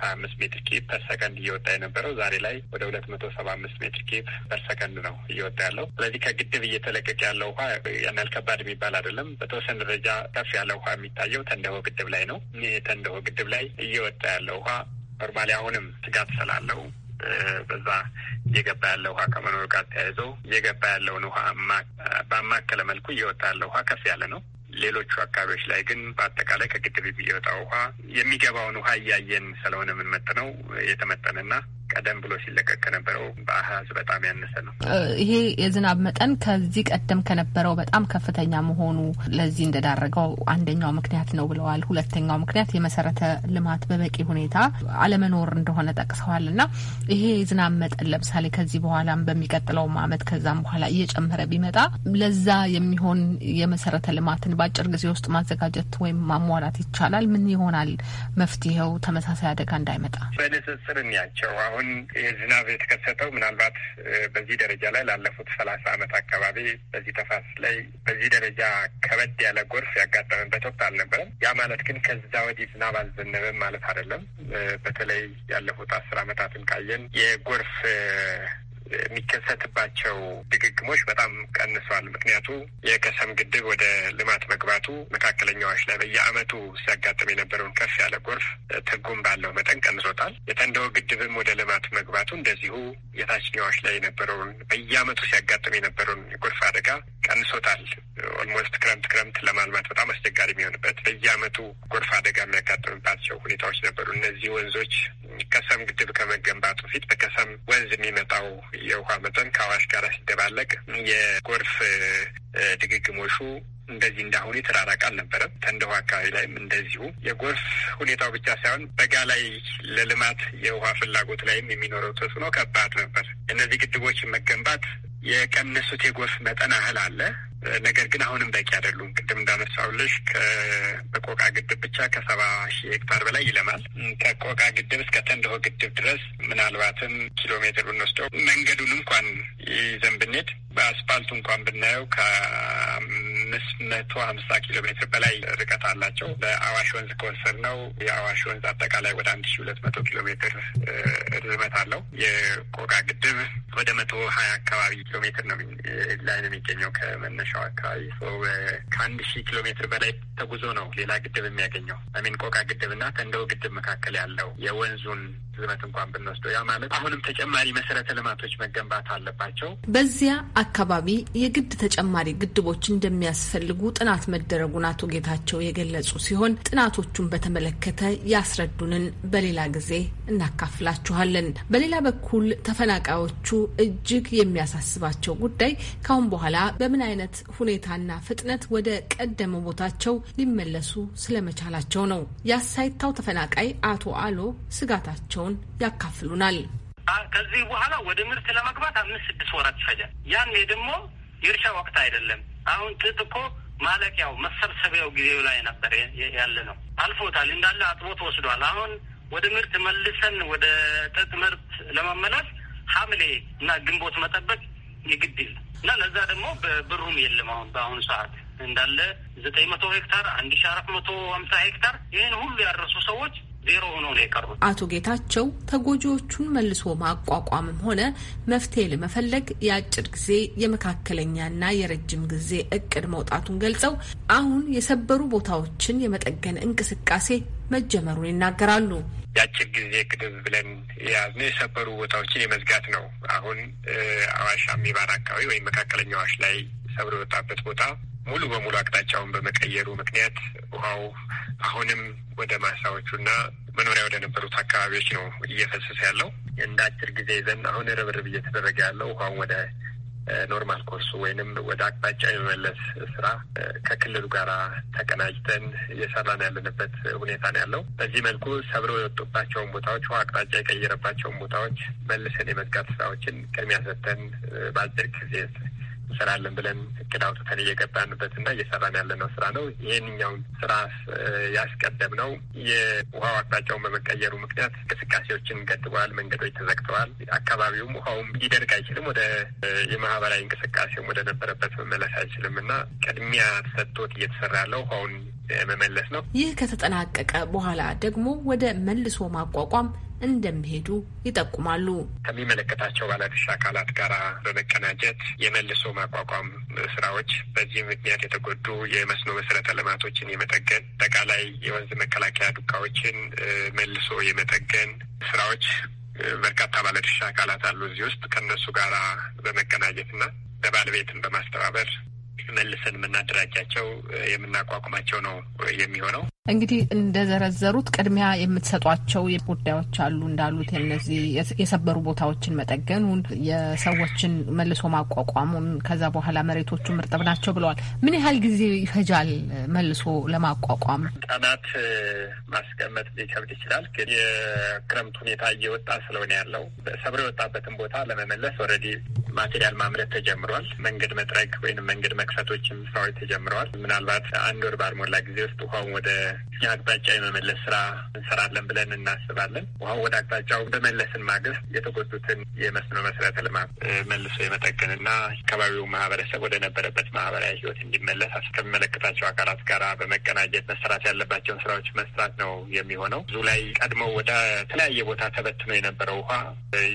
ሀያ አምስት ሜትር ኪፕ ፐር ሰከንድ እየወጣ የነበረው ዛሬ ላይ ወደ ሁለት መቶ ሰባ አምስት ሜትር ኪፕ ፐር ሰከንድ ነው እየወጣ ያለው። ስለዚህ ከግድብ እየተለቀቀ ያለው ውሃ ያን ያህል ከባድ የሚባል አይደለም። በተወሰነ ደረጃ ከፍ ያለ ውሃ የሚ የሚታየው ተንደሆ ግድብ ላይ ነው። ይህ ተንደሆ ግድብ ላይ እየወጣ ያለው ውሃ ኖርማሊ አሁንም ስጋት ስላለው በዛ እየገባ ያለው ውሃ ከመኖር ጋር ተያይዞ እየገባ ያለውን ውሃ በአማከለ መልኩ እየወጣ ያለ ውሃ ከፍ ያለ ነው። ሌሎቹ አካባቢዎች ላይ ግን በአጠቃላይ ከግድብ የሚወጣ ውሃ የሚገባውን ውሃ እያየን ስለሆነ የምንመጥነው የተመጠነና ቀደም ብሎ ሲለቀቅ ከነበረው በአሀዝ በጣም ያነሰ ነው። ይሄ የዝናብ መጠን ከዚህ ቀደም ከነበረው በጣም ከፍተኛ መሆኑ ለዚህ እንደዳረገው አንደኛው ምክንያት ነው ብለዋል። ሁለተኛው ምክንያት የመሰረተ ልማት በበቂ ሁኔታ አለመኖር እንደሆነ ጠቅሰዋል። እና ይሄ የዝናብ መጠን ለምሳሌ ከዚህ በኋላም በሚቀጥለውም አመት ከዛም በኋላ እየጨመረ ቢመጣ ለዛ የሚሆን የመሰረተ ልማትን በአጭር ጊዜ ውስጥ ማዘጋጀት ወይም ማሟላት ይቻላል? ምን ይሆናል መፍትሄው ተመሳሳይ አደጋ እንዳይመጣ? በንጽጽር እንያቸው። አሁን የዝናብ የተከሰተው ምናልባት በዚህ ደረጃ ላይ ላለፉት ሰላሳ ዓመት አካባቢ በዚህ ተፋስ ላይ በዚህ ደረጃ ከበድ ያለ ጎርፍ ያጋጠመበት ወቅት አልነበረም። ያ ማለት ግን ከዛ ወዲህ ዝናብ አልዘነበም ማለት አይደለም። በተለይ ያለፉት አስር አመታትን ካየን የጎርፍ የሚከሰትባቸው ድግግሞች በጣም ቀንሰዋል። ምክንያቱ የከሰም ግድብ ወደ ልማት መግባቱ መካከለኛዎች ላይ በየአመቱ ሲያጋጥም የነበረውን ከፍ ያለ ጎርፍ ትርጉም ባለው መጠን ቀንሶታል። የተንደወ ግድብም ወደ ልማት መግባቱ እንደዚሁ የታችኛው ላይ የነበረውን በየአመቱ ሲያጋጥም የነበረውን የጎርፍ አደጋ ቀንሶታል። ኦልሞስት ክረምት ክረምት ለማልማት በጣም አስቸጋሪ የሚሆንበት በየአመቱ ጎርፍ አደጋ የሚያጋጥምባቸው ሁኔታዎች ነበሩ። እነዚህ ወንዞች ከሰም ግድብ ከመገንባቱ ፊት በከሰም ወንዝ የሚመጣው የውሃ መጠን ከአዋሽ ጋር ሲደባለቅ የጎርፍ ድግግሞሹ እንደዚህ እንዳሁኑ የተራራቀ አልነበረም። ተንደሆ አካባቢ ላይም እንደዚሁ የጎርፍ ሁኔታው ብቻ ሳይሆን በጋ ላይ ለልማት የውሃ ፍላጎት ላይም የሚኖረው ተጽዕኖ ከባድ ነበር። እነዚህ ግድቦች መገንባት የቀነሱት የጎርፍ መጠን ያህል አለ። ነገር ግን አሁንም በቂ አይደሉም። ቅድም እንዳነሳውልሽ በቆቃ ግድብ ብቻ ከሰባ ሺህ ሄክታር በላይ ይለማል። ከቆቃ ግድብ እስከ ተንደሆ ግድብ ድረስ ምናልባትም ኪሎ ሜትር ብንወስደው መንገዱን እንኳን ይዘን ብንሄድ በአስፓልቱ እንኳን ብናየው ከአምስት መቶ ሀምሳ ኪሎ ሜትር በላይ ርቀት አላቸው። በአዋሽ ወንዝ ከወሰድ ነው የአዋሽ ወንዝ አጠቃላይ ወደ አንድ ሺ ሁለት መቶ ኪሎ ሜትር ርዝመት አለው። የቆቃ ግድብ ወደ መቶ ሀያ አካባቢ ኪሎ ሜትር ነው ላይ ነው የሚገኘው ከመነሻ መጨረሻው አካባቢ ከአንድ ሺህ ኪሎ ሜትር በላይ ተጉዞ ነው ሌላ ግድብ የሚያገኘው። አሚን ቆቃ ግድብና ተንደው ግድብ መካከል ያለው የወንዙን ዝመት እንኳን ብንወስደው ያ ማለት አሁንም ተጨማሪ መሰረተ ልማቶች መገንባት አለባቸው። በዚያ አካባቢ የግድ ተጨማሪ ግድቦች እንደሚያስፈልጉ ጥናት መደረጉን አቶ ጌታቸው የገለጹ ሲሆን ጥናቶቹን በተመለከተ ያስረዱንን በሌላ ጊዜ እናካፍላችኋለን። በሌላ በኩል ተፈናቃዮቹ እጅግ የሚያሳስባቸው ጉዳይ ካሁን በኋላ በምን አይነት ሁኔታና ፍጥነት ወደ ቀደመ ቦታቸው ሊመለሱ ስለመቻላቸው ነው። ያሳይታው ተፈናቃይ አቶ አሎ ስጋታቸውን ያካፍሉናል። ከዚህ በኋላ ወደ ምርት ለመግባት አምስት ስድስት ወራት ይፈጃል። ያኔ ደግሞ የእርሻ ወቅት አይደለም። አሁን ጥጥ እኮ ማለቂያው መሰብሰቢያው ጊዜው ላይ ነበር ያለ ነው። አልፎታል፣ እንዳለ አጥቦት ወስዷል። አሁን ወደ ምርት መልሰን ወደ ጥጥ ምርት ለመመለስ ሐምሌ እና ግንቦት መጠበቅ የግድ ይላል። እና ለዛ ደግሞ በብሩም የለም አሁን በአሁኑ ሰዓት እንዳለ ዘጠኝ መቶ ሄክታር አንድ ሺ አራት መቶ ሀምሳ ሄክታር ይህን ሁሉ ያረሱ ሰዎች ዜሮ ሆኖ ነው የቀሩት። አቶ ጌታቸው ተጎጂዎቹን መልሶ ማቋቋምም ሆነ መፍትሄ ለመፈለግ የአጭር ጊዜ የመካከለኛና የረጅም ጊዜ እቅድ መውጣቱን ገልጸው አሁን የሰበሩ ቦታዎችን የመጠገን እንቅስቃሴ መጀመሩን ይናገራሉ። የአጭር ጊዜ እቅድ ብለን የያዝነው የሰበሩ ቦታዎችን የመዝጋት ነው። አሁን አዋሽ አሚባራ አካባቢ ወይም መካከለኛ አዋሽ ላይ ሰብሮ የወጣበት ቦታ ሙሉ በሙሉ አቅጣጫውን በመቀየሩ ምክንያት ውሃው አሁንም ወደ ማሳዎቹና መኖሪያ ወደ ነበሩት አካባቢዎች ነው እየፈሰሰ ያለው። እንደ አጭር ጊዜ ይዘን አሁን ርብርብ እየተደረገ ያለው ውሃውን ወደ ኖርማል ኮርሱ ወይንም ወደ አቅጣጫ የመመለስ ስራ ከክልሉ ጋር ተቀናጅተን እየሰራን ያለንበት ሁኔታ ነው ያለው። በዚህ መልኩ ሰብረው የወጡባቸውን ቦታዎች፣ ውሃ አቅጣጫ የቀየረባቸውን ቦታዎች መልሰን የመዝጋት ስራዎችን ቅድሚያ ሰጥተን በአጭር ጊዜ እንሰራለን ብለን እቅድ አውጥተን እየገባንበት እና እየሰራን ያለነው ስራ ነው። ይህንኛውን ስራ ያስቀደም ነው የውሃው አቅጣጫውን በመቀየሩ ምክንያት እንቅስቃሴዎችን ገጥበዋል፣ መንገዶች ተዘግተዋል። አካባቢውም ውሃውም ሊደርግ አይችልም። ወደ የማህበራዊ እንቅስቃሴውም ወደ ነበረበት መመለስ አይችልም እና ቅድሚያ ሰጥቶት እየተሰራ ያለው ውሃውን መመለስ ነው። ይህ ከተጠናቀቀ በኋላ ደግሞ ወደ መልሶ ማቋቋም እንደሚሄዱ ይጠቁማሉ። ከሚመለከታቸው ባለድርሻ አካላት ጋር በመቀናጀት የመልሶ ማቋቋም ስራዎች፣ በዚህ ምክንያት የተጎዱ የመስኖ መሰረተ ልማቶችን የመጠገን አጠቃላይ የወንዝ መከላከያ ዱካዎችን መልሶ የመጠገን ስራዎች በርካታ ባለድርሻ አካላት አሉ። እዚህ ውስጥ ከእነሱ ጋራ በመቀናጀትና ለባለቤትን በማስተባበር መልሰን የምናደራጃቸው የምናቋቁማቸው ነው የሚሆነው። እንግዲህ እንደዘረዘሩት ቅድሚያ የምትሰጧቸው ጉዳዮች አሉ እንዳሉት እነዚህ የሰበሩ ቦታዎችን መጠገኑን፣ የሰዎችን መልሶ ማቋቋሙን፣ ከዛ በኋላ መሬቶቹም እርጥብ ናቸው ብለዋል። ምን ያህል ጊዜ ይፈጃል መልሶ ለማቋቋም? ቀናት ማስቀመጥ ሊከብድ ይችላል። ግን የክረምት ሁኔታ እየወጣ ስለሆነ ያለው ሰብሮ የወጣበትን ቦታ ለመመለስ ኦልሬዲ ማቴሪያል ማምረት ተጀምሯል። መንገድ መጥረግ ወይም መንገድ መክፈ ጥረቶችም ስራዎች ተጀምረዋል። ምናልባት አንድ ወር ባልሞላ ጊዜ ውስጥ ውሃውን ወደ አቅጣጫ የመመለስ ስራ እንሰራለን ብለን እናስባለን። ውሃው ወደ አቅጣጫው በመለስን ማግስት የተጎዱትን የመስኖ መሰረተ ልማት መልሶ የመጠገንና አካባቢው ማህበረሰብ ወደ ነበረበት ማህበራዊ ህይወት እንዲመለስ ከሚመለከታቸው አካላት ጋራ በመቀናጀት መሰራት ያለባቸውን ስራዎች መስራት ነው የሚሆነው። ብዙ ላይ ቀድሞ ወደ ተለያየ ቦታ ተበትኖ የነበረው ውሃ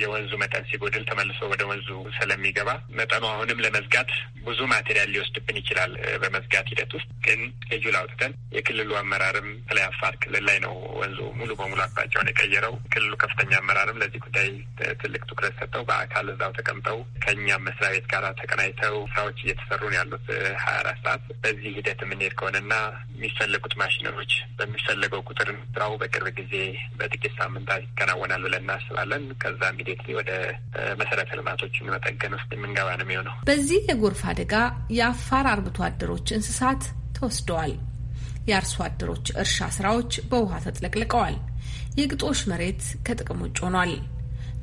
የወንዙ መጠን ሲጎድል ተመልሶ ወደ ወንዙ ስለሚገባ መጠኑ አሁንም ለመዝጋት ብዙ ማቴሪያል ሊወስ ሊወስድብን ይችላል በመዝጋት ሂደት ውስጥ ግን ከጁል ላውጥተን የክልሉ አመራርም ተለይ አፋር ክልል ላይ ነው ወንዙ ሙሉ በሙሉ አቅጣጫውን የቀየረው። ክልሉ ከፍተኛ አመራርም ለዚህ ጉዳይ ትልቅ ትኩረት ሰጥተው በአካል እዛው ተቀምጠው ከእኛም መስሪያ ቤት ጋር ተቀናይተው ስራዎች እየተሰሩ ነው ያሉት ሀያ አራት ሰዓት። በዚህ ሂደት የምንሄድ ከሆነና የሚፈለጉት ማሽነሮች በሚፈለገው ቁጥር ስራው በቅርብ ጊዜ በጥቂት ሳምንታት ይከናወናል ብለን እናስባለን። ከዛ ሚዴት ወደ መሰረተ ልማቶች መጠገን ውስጥ የምንገባ ነው የሚሆነው። በዚህ የጎርፍ አደጋ የአፍ የአፋር አርብቶ አደሮች እንስሳት ተወስደዋል። የአርሶ አደሮች እርሻ ስራዎች በውሃ ተጥለቅልቀዋል። የግጦሽ መሬት ከጥቅም ውጭ ሆኗል።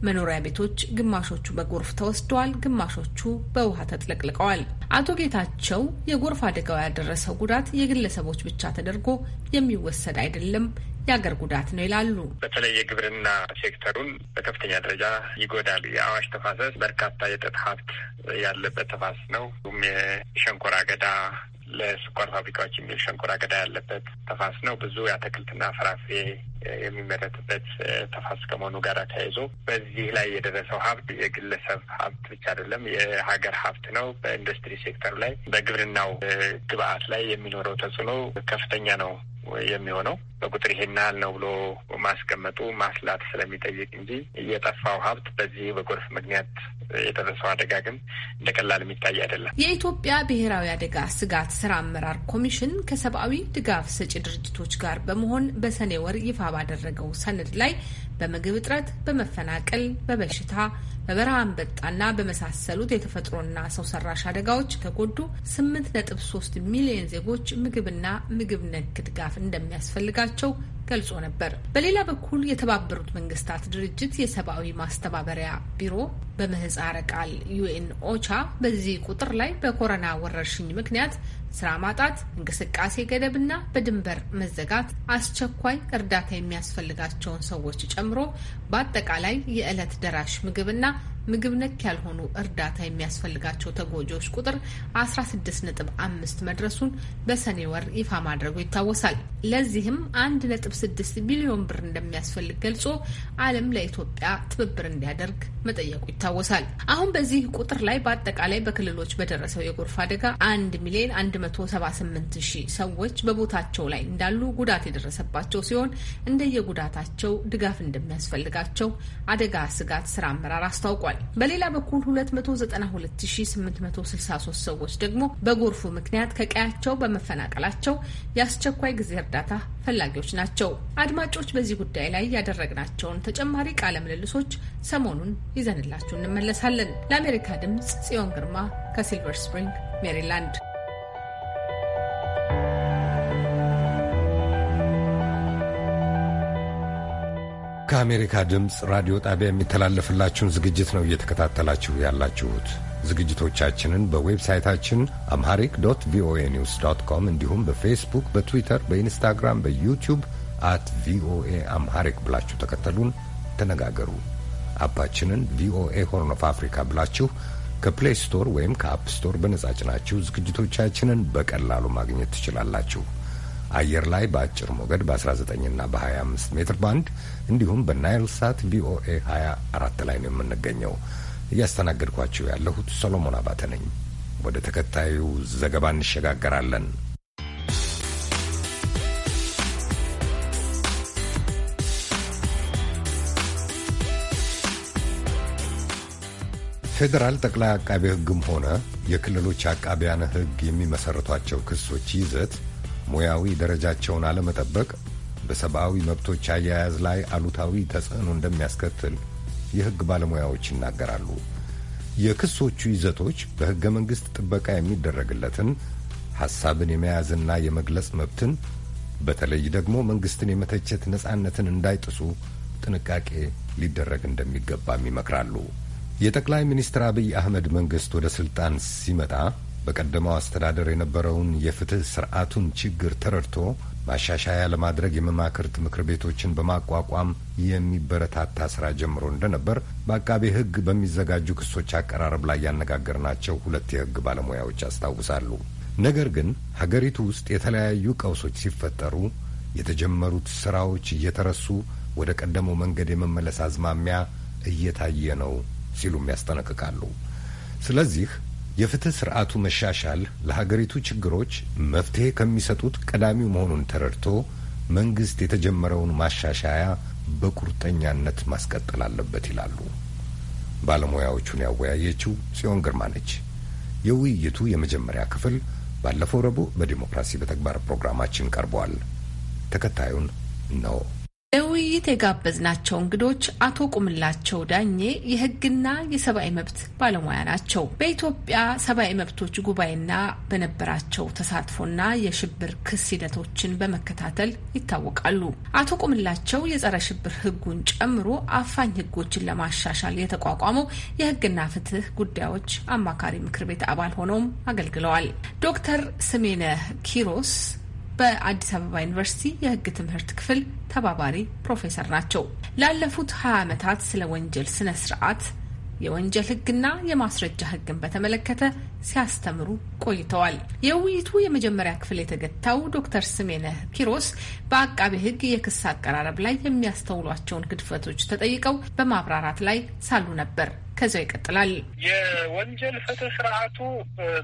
መኖሪያ ቤቶች ግማሾቹ በጎርፍ ተወስደዋል፣ ግማሾቹ በውሃ ተጥለቅልቀዋል። አቶ ጌታቸው የጎርፍ አደጋው ያደረሰው ጉዳት የግለሰቦች ብቻ ተደርጎ የሚወሰድ አይደለም የአገር ጉዳት ነው ይላሉ። በተለይ የግብርና ሴክተሩን በከፍተኛ ደረጃ ይጎዳል። የአዋሽ ተፋሰስ በርካታ የጥጥ ሀብት ያለበት ተፋሰስ ነው። የሸንኮራ አገዳ ለስኳር ፋብሪካዎች የሚል ሸንኮራ አገዳ ያለበት ተፋስ ነው። ብዙ የአትክልትና ፍራፍሬ የሚመረትበት ተፋስ ከመሆኑ ጋር ተያይዞ በዚህ ላይ የደረሰው ሀብት የግለሰብ ሀብት ብቻ አይደለም፣ የሀገር ሀብት ነው። በኢንዱስትሪ ሴክተር ላይ በግብርናው ግብአት ላይ የሚኖረው ተጽዕኖ ከፍተኛ ነው የሚሆነው። በቁጥር ይሄን ያህል ነው ብሎ ማስቀመጡ ማስላት ስለሚጠይቅ እንጂ የጠፋው ሀብት በዚህ በጎርፍ ምክንያት የደረሰው አደጋ ግን እንደ ቀላል የሚታይ አይደለም። የኢትዮጵያ ብሔራዊ አደጋ ስጋት ስራ አመራር ኮሚሽን ከሰብአዊ ድጋፍ ሰጪ ድርጅቶች ጋር በመሆን በሰኔ ወር ይፋ ባደረገው ሰነድ ላይ በምግብ እጥረት፣ በመፈናቀል፣ በበሽታ በበረሃ አንበጣና በመሳሰሉት የተፈጥሮና ሰው ሰራሽ አደጋዎች ከጎዱ 8.3 ሚሊዮን ዜጎች ምግብና ምግብ ነክ ድጋፍ እንደሚያስፈልጋቸው ገልጾ ነበር። በሌላ በኩል የተባበሩት መንግስታት ድርጅት የሰብአዊ ማስተባበሪያ ቢሮ በምህፃረ ቃል ዩኤን ኦቻ በዚህ ቁጥር ላይ በኮረና ወረርሽኝ ምክንያት ስራ ማጣት፣ እንቅስቃሴ ገደብና በድንበር መዘጋት አስቸኳይ እርዳታ የሚያስፈልጋቸውን ሰዎች ጨምሮ በአጠቃላይ የዕለት ደራሽ ምግብና ምግብ ነክ ያልሆኑ እርዳታ የሚያስፈልጋቸው ተጎጂዎች ቁጥር 16.5 መድረሱን በሰኔ ወር ይፋ ማድረጉ ይታወሳል። ለዚህም 1.6 ቢሊዮን ብር እንደሚያስፈልግ ገልጾ ዓለም ለኢትዮጵያ ትብብር እንዲያደርግ መጠየቁ ይታወሳል። አሁን በዚህ ቁጥር ላይ በአጠቃላይ በክልሎች በደረሰው የጎርፍ አደጋ 1 ሚሊዮን 178 ሺህ ሰዎች በቦታቸው ላይ እንዳሉ ጉዳት የደረሰባቸው ሲሆን እንደየጉዳታቸው ድጋፍ እንደሚያስፈልጋቸው አደጋ ስጋት ስራ አመራር አስታውቋል። ተናግረዋል። በሌላ በኩል 292863 ሰዎች ደግሞ በጎርፉ ምክንያት ከቀያቸው በመፈናቀላቸው የአስቸኳይ ጊዜ እርዳታ ፈላጊዎች ናቸው። አድማጮች፣ በዚህ ጉዳይ ላይ ያደረግናቸውን ተጨማሪ ቃለ ምልልሶች ሰሞኑን ይዘንላችሁ እንመለሳለን። ለአሜሪካ ድምፅ ጽዮን ግርማ ከሲልቨር ስፕሪንግ ሜሪላንድ ከአሜሪካ ድምፅ ራዲዮ ጣቢያ የሚተላለፍላችሁን ዝግጅት ነው እየተከታተላችሁ ያላችሁት። ዝግጅቶቻችንን በዌብሳይታችን አምሃሪክ ዶት ቪኦኤ ኒውስ ዶት ኮም እንዲሁም በፌስቡክ፣ በትዊተር፣ በኢንስታግራም፣ በዩቲዩብ አት ቪኦኤ አምሃሪክ ብላችሁ ተከተሉን፣ ተነጋገሩ። አፓችንን ቪኦኤ ሆርን ኦፍ አፍሪካ ብላችሁ ከፕሌይ ስቶር ወይም ከአፕ ስቶር በነጻ ጭናችሁ ዝግጅቶቻችንን በቀላሉ ማግኘት ትችላላችሁ። አየር ላይ በአጭር ሞገድ በ19ና በ25 ሜትር ባንድ እንዲሁም በናይል ሳት ቪኦኤ 24 ላይ ነው የምንገኘው። እያስተናገድኳችሁ ያለሁት ሰሎሞን አባተ ነኝ። ወደ ተከታዩ ዘገባ እንሸጋገራለን። ፌዴራል ጠቅላይ አቃቤ ሕግም ሆነ የክልሎች አቃቢያን ሕግ የሚመሰርቷቸው ክሶች ይዘት ሙያዊ ደረጃቸውን አለመጠበቅ በሰብአዊ መብቶች አያያዝ ላይ አሉታዊ ተጽዕኖ እንደሚያስከትል የሕግ ባለሙያዎች ይናገራሉ። የክሶቹ ይዘቶች በሕገ መንግሥት ጥበቃ የሚደረግለትን ሐሳብን የመያዝና የመግለጽ መብትን በተለይ ደግሞ መንግሥትን የመተቸት ነጻነትን እንዳይጥሱ ጥንቃቄ ሊደረግ እንደሚገባም ይመክራሉ። የጠቅላይ ሚኒስትር አብይ አህመድ መንግሥት ወደ ሥልጣን ሲመጣ በቀደመው አስተዳደር የነበረውን የፍትህ ስርዓቱን ችግር ተረድቶ ማሻሻያ ለማድረግ የመማክርት ምክር ቤቶችን በማቋቋም የሚበረታታ ስራ ጀምሮ እንደነበር በአቃቤ ሕግ በሚዘጋጁ ክሶች አቀራረብ ላይ ያነጋገርናቸው ሁለት የሕግ ባለሙያዎች ያስታውሳሉ። ነገር ግን ሀገሪቱ ውስጥ የተለያዩ ቀውሶች ሲፈጠሩ የተጀመሩት ስራዎች እየተረሱ ወደ ቀደመው መንገድ የመመለስ አዝማሚያ እየታየ ነው ሲሉም ያስጠነቅቃሉ። ስለዚህ የፍትህ ስርዓቱ መሻሻል ለሀገሪቱ ችግሮች መፍትሄ ከሚሰጡት ቀዳሚው መሆኑን ተረድቶ መንግስት የተጀመረውን ማሻሻያ በቁርጠኛነት ማስቀጠል አለበት ይላሉ። ባለሙያዎቹን ያወያየችው ጽዮን ግርማ ነች። የውይይቱ የመጀመሪያ ክፍል ባለፈው ረቡዕ በዲሞክራሲ በተግባር ፕሮግራማችን ቀርቧል። ተከታዩን ነው። ለውይይት የጋበዝናቸው እንግዶች አቶ ቁምላቸው ዳኜ የሕግና የሰብአዊ መብት ባለሙያ ናቸው። በኢትዮጵያ ሰብአዊ መብቶች ጉባኤና በነበራቸው ተሳትፎና የሽብር ክስ ሂደቶችን በመከታተል ይታወቃሉ። አቶ ቁምላቸው የጸረ ሽብር ሕጉን ጨምሮ አፋኝ ሕጎችን ለማሻሻል የተቋቋመው የሕግና ፍትህ ጉዳዮች አማካሪ ምክር ቤት አባል ሆነውም አገልግለዋል። ዶክተር ስሜነ ኪሮስ በአዲስ አበባ ዩኒቨርሲቲ የሕግ ትምህርት ክፍል ተባባሪ ፕሮፌሰር ናቸው። ላለፉት 20 ዓመታት ስለ ወንጀል ስነ ስርዓት፣ የወንጀል ሕግና የማስረጃ ሕግን በተመለከተ ሲያስተምሩ ቆይተዋል። የውይይቱ የመጀመሪያ ክፍል የተገታው ዶክተር ስሜነህ ኪሮስ በአቃቤ ሕግ የክስ አቀራረብ ላይ የሚያስተውሏቸውን ግድፈቶች ተጠይቀው በማብራራት ላይ ሳሉ ነበር። ከዚያው ይቀጥላል። የወንጀል ፍትህ ስርዓቱ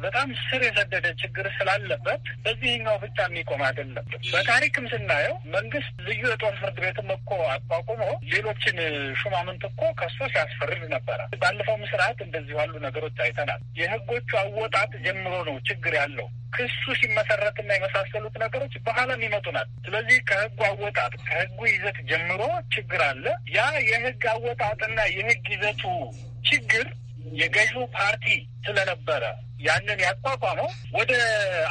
በጣም ስር የሰደደ ችግር ስላለበት በዚህኛው ብቻ የሚቆም አይደለም። በታሪክም ስናየው መንግስት ልዩ የጦር ፍርድ ቤትም እኮ አቋቁሞ ሌሎችን ሹማምንት እኮ ከሶ ሲያስፈርድ ነበረ። ባለፈውም ስርዓት እንደዚህ ያሉ ነገሮች አይተናል። የህጎቹ አወጣጥ ጀምሮ ነው ችግር ያለው። ክሱ ሲመሰረትና የመሳሰሉት ነገሮች በኋላ የሚመጡ ናት። ስለዚህ ከህጉ አወጣጥ ከህጉ ይዘት ጀምሮ ችግር አለ። ያ የህግ አወጣጥና የህግ ይዘቱ ችግር የገዢው ፓርቲ ስለነበረ ያንን ያቋቋመው ወደ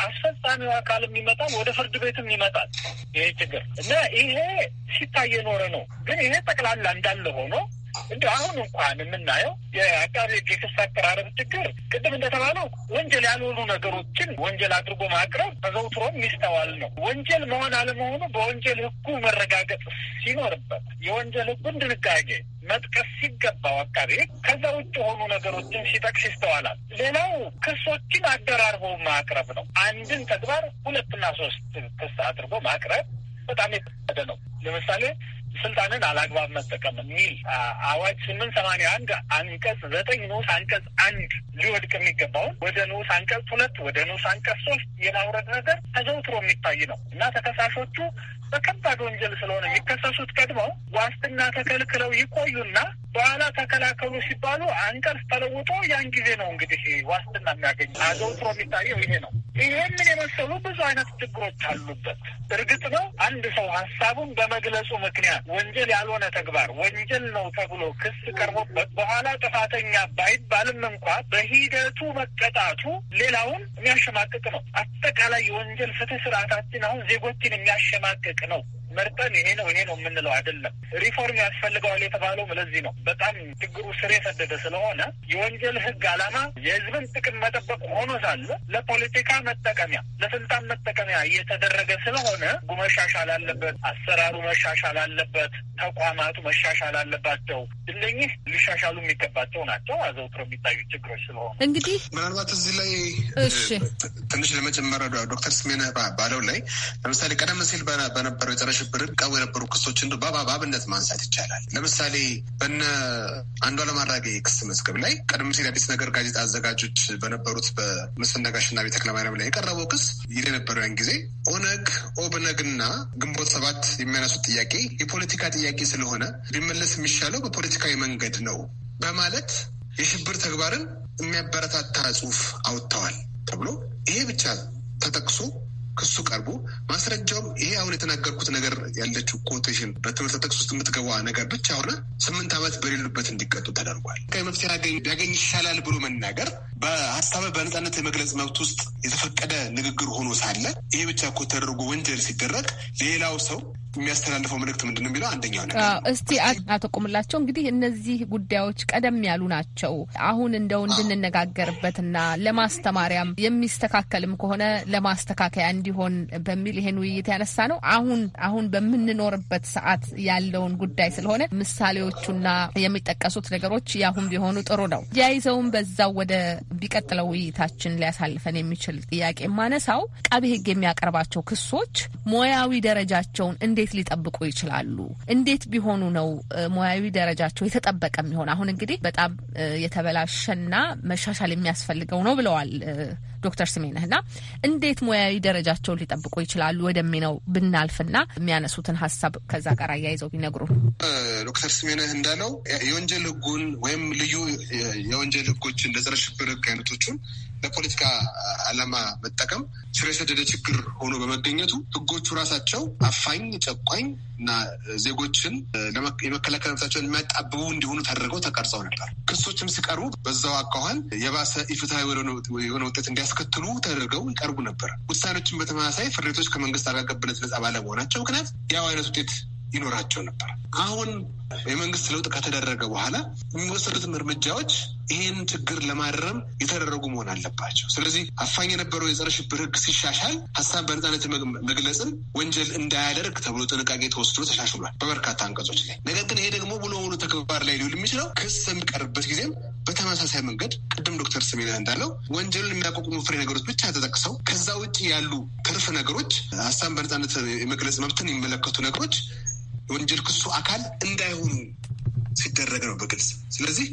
አስፈጻሚው አካልም ይመጣል፣ ወደ ፍርድ ቤትም ይመጣል። ይሄ ችግር እና ይሄ ሲታይ የኖረ ነው። ግን ይሄ ጠቅላላ እንዳለ ሆኖ እንደ አሁን እንኳን የምናየው የአቃቤ ሕግ የክስ አቀራረብ ችግር ቅድም እንደተባለው ወንጀል ያልሆኑ ነገሮችን ወንጀል አድርጎ ማቅረብ ተዘውትሮም ይስተዋል ነው። ወንጀል መሆን አለመሆኑ በወንጀል ሕጉ መረጋገጥ ሲኖርበት የወንጀል ሕጉን ድንጋጌ መጥቀስ ሲገባው አቃቤ ሕግ ከዛ ውጭ የሆኑ ነገሮችን ሲጠቅስ ይስተዋላል። ሌላው ክሶችን አደራርቦ ማቅረብ ነው። አንድን ተግባር ሁለትና ሶስት ክስ አድርጎ ማቅረብ በጣም የተለመደ ነው። ለምሳሌ ስልጣንን አላግባብ መጠቀም የሚል አዋጅ ስምንት ሰማንያ አንድ አንቀጽ ዘጠኝ ንዑስ አንቀጽ አንድ ሊወድቅ የሚገባውን ወደ ንዑስ አንቀጽ ሁለት ወደ ንዑስ አንቀጽ ሶስት የማውረድ ነገር ተዘውትሮ የሚታይ ነው እና ተከሳሾቹ በከባድ ወንጀል ስለሆነ የሚከሰሱት ቀድመው ዋስትና ተከልክለው ይቆዩና በኋላ ተከላከሉ ሲባሉ አንቀጽ ተለውጦ ያን ጊዜ ነው እንግዲህ ዋስትና የሚያገኙ። አዘውትሮ የሚታየው ይሄ ነው። ይህንን የመሰሉ ብዙ አይነት ችግሮች አሉበት። እርግጥ ነው አንድ ሰው ሀሳቡን በመግለጹ ምክንያት ወንጀል ያልሆነ ተግባር ወንጀል ነው ተብሎ ክስ ቀርቦበት በኋላ ጥፋተኛ ባይባልም እንኳ በሂደቱ መቀጣቱ ሌላውን የሚያሸማቅቅ ነው። አጠቃላይ የወንጀል ፍትህ ስርዓታችን አሁን ዜጎችን የሚያሸማቅቅ ነው። መርጠን ይሄ ነው ይሄ ነው የምንለው አይደለም። ሪፎርም ያስፈልገዋል የተባለው ለዚህ ነው። በጣም ችግሩ ስር የሰደደ ስለሆነ የወንጀል ህግ አላማ የህዝብን ጥቅም መጠበቅ ሆኖ ሳለ ለፖለቲካ መጠቀሚያ፣ ለስልጣን መጠቀሚያ እየተደረገ ስለሆነ ሕጉ መሻሻል አለበት፣ አሰራሩ መሻሻል አለበት፣ ተቋማቱ መሻሻል አለባቸው። እነኚህ ሊሻሻሉ የሚገባቸው ናቸው። አዘውትሮ የሚታዩ ችግሮች ስለሆነ እንግዲህ ምናልባት እዚህ ላይ ትንሽ ለመጀመሪያ ዶክተር ስሜነ ባለው ላይ ለምሳሌ ቀደም ሲል በነበረው የጨረሽ ሽብር ቀቡ የነበሩ ክሶች እንደ በአብነት ማንሳት ይቻላል። ለምሳሌ በነ አንዷለም አራጌ ክስ መዝገብ ላይ ቀደም ሲል አዲስ ነገር ጋዜጣ አዘጋጆች በነበሩት በመስፍን ነጋሽና ቤተክለማርያም ላይ የቀረበው ክስ ይል የነበረው ያን ጊዜ ኦነግ ኦብነግና ግንቦት ሰባት የሚያነሱት ጥያቄ የፖለቲካ ጥያቄ ስለሆነ ሊመለስ የሚሻለው በፖለቲካዊ መንገድ ነው በማለት የሽብር ተግባርን የሚያበረታታ ጽሁፍ አውጥተዋል ተብሎ ይሄ ብቻ ተጠቅሶ ክሱ ቀርቦ ማስረጃውም ይሄ አሁን የተናገርኩት ነገር ያለችው ኮቴሽን በትምህርት ጥቅስ ውስጥ የምትገባ ነገር ብቻ ሆነ ስምንት ዓመት በሌሉበት እንዲቀጡ ተደርጓል። መፍትሄ ቢያገኝ ይሻላል ብሎ መናገር በሀሳብ በነጻነት የመግለጽ መብት ውስጥ የተፈቀደ ንግግር ሆኖ ሳለ ይሄ ብቻ እኮ ተደርጎ ወንጀል ሲደረግ ሌላው ሰው የሚያስተላልፈው መልእክት ምንድን ነው የሚለው አንደኛው ነገር እስቲ አቶ ቁምላቸው እንግዲህ እነዚህ ጉዳዮች ቀደም ያሉ ናቸው። አሁን እንደው እንድንነጋገርበትና ለማስተማሪያም የሚስተካከልም ከሆነ ለማስተካከያ እንዲሆን በሚል ይሄን ውይይት ያነሳ ነው። አሁን አሁን በምንኖርበት ሰዓት ያለውን ጉዳይ ስለሆነ ምሳሌዎቹና የሚጠቀሱት ነገሮች ያሁን ቢሆኑ ጥሩ ነው። ያይዘውም በዛው ወደ ቢቀጥለው ውይይታችን ሊያሳልፈን የሚችል ጥያቄ ማነሳው ቃቤ ሕግ የሚያቀርባቸው ክሶች ሙያዊ ደረጃቸውን እንዴት እንዴት ሊጠብቁ ይችላሉ? እንዴት ቢሆኑ ነው ሙያዊ ደረጃቸው የተጠበቀ የሚሆን? አሁን እንግዲህ በጣም የተበላሸና መሻሻል የሚያስፈልገው ነው ብለዋል ዶክተር ስሜነህ እና እንዴት ሙያዊ ደረጃቸውን ሊጠብቁ ይችላሉ ወደሚለው ብናልፍና የሚያነሱትን ሀሳብ ከዛ ጋር አያይዘው ቢነግሩ። ዶክተር ስሜነህ እንዳለው የወንጀል ህጉን ወይም ልዩ የወንጀል ህጎችን እንደ ፀረ ሽብር ህግ አይነቶቹን ለፖለቲካ ዓላማ መጠቀም ስር የሰደደ ችግር ሆኖ በመገኘቱ ህጎቹ ራሳቸው አፋኝ፣ ጨቋኝ እና ዜጎችን የመከላከል መብታቸውን የሚያጣብቡ እንዲሆኑ ተደርገው ተቀርጸው ነበር። ክሶችም ሲቀርቡ በዛው አኳኋን የባሰ ኢፍትሐዊ የሆነ ውጤት እንዲያስከትሉ ተደርገው ይቀርቡ ነበር። ውሳኔዎችን በተመሳሳይ ፍርድ ቤቶች ከመንግስት አጋገብነት ነጻ ባለመሆናቸው ምክንያት ያው አይነት ውጤት ይኖራቸው ነበር። አሁን የመንግስት ለውጥ ከተደረገ በኋላ የሚወሰዱትም እርምጃዎች ይህን ችግር ለማረም የተደረጉ መሆን አለባቸው። ስለዚህ አፋኝ የነበረው የጸረ ሽብር ህግ ሲሻሻል ሀሳብ በነጻነት መግለጽን ወንጀል እንዳያደርግ ተብሎ ጥንቃቄ ተወስዶ ተሻሽሏል በበርካታ አንቀጾች ላይ። ነገር ግን ይሄ ደግሞ ሙሉ በሙሉ ተግባር ላይ ሊውል የሚችለው ክስ የሚቀርብበት ጊዜም በተመሳሳይ መንገድ ቅድም ዶክተር ስሜና እንዳለው ወንጀሉን የሚያቋቁሙ ፍሬ ነገሮች ብቻ ተጠቅሰው ከዛ ውጭ ያሉ ትርፍ ነገሮች ሀሳብ በነጻነት የመግለጽ መብትን የሚመለከቱ ነገሮች የወንጀል ክሱ አካል እንዳይሆኑ ሲደረግ ነው በግልጽ። ስለዚህ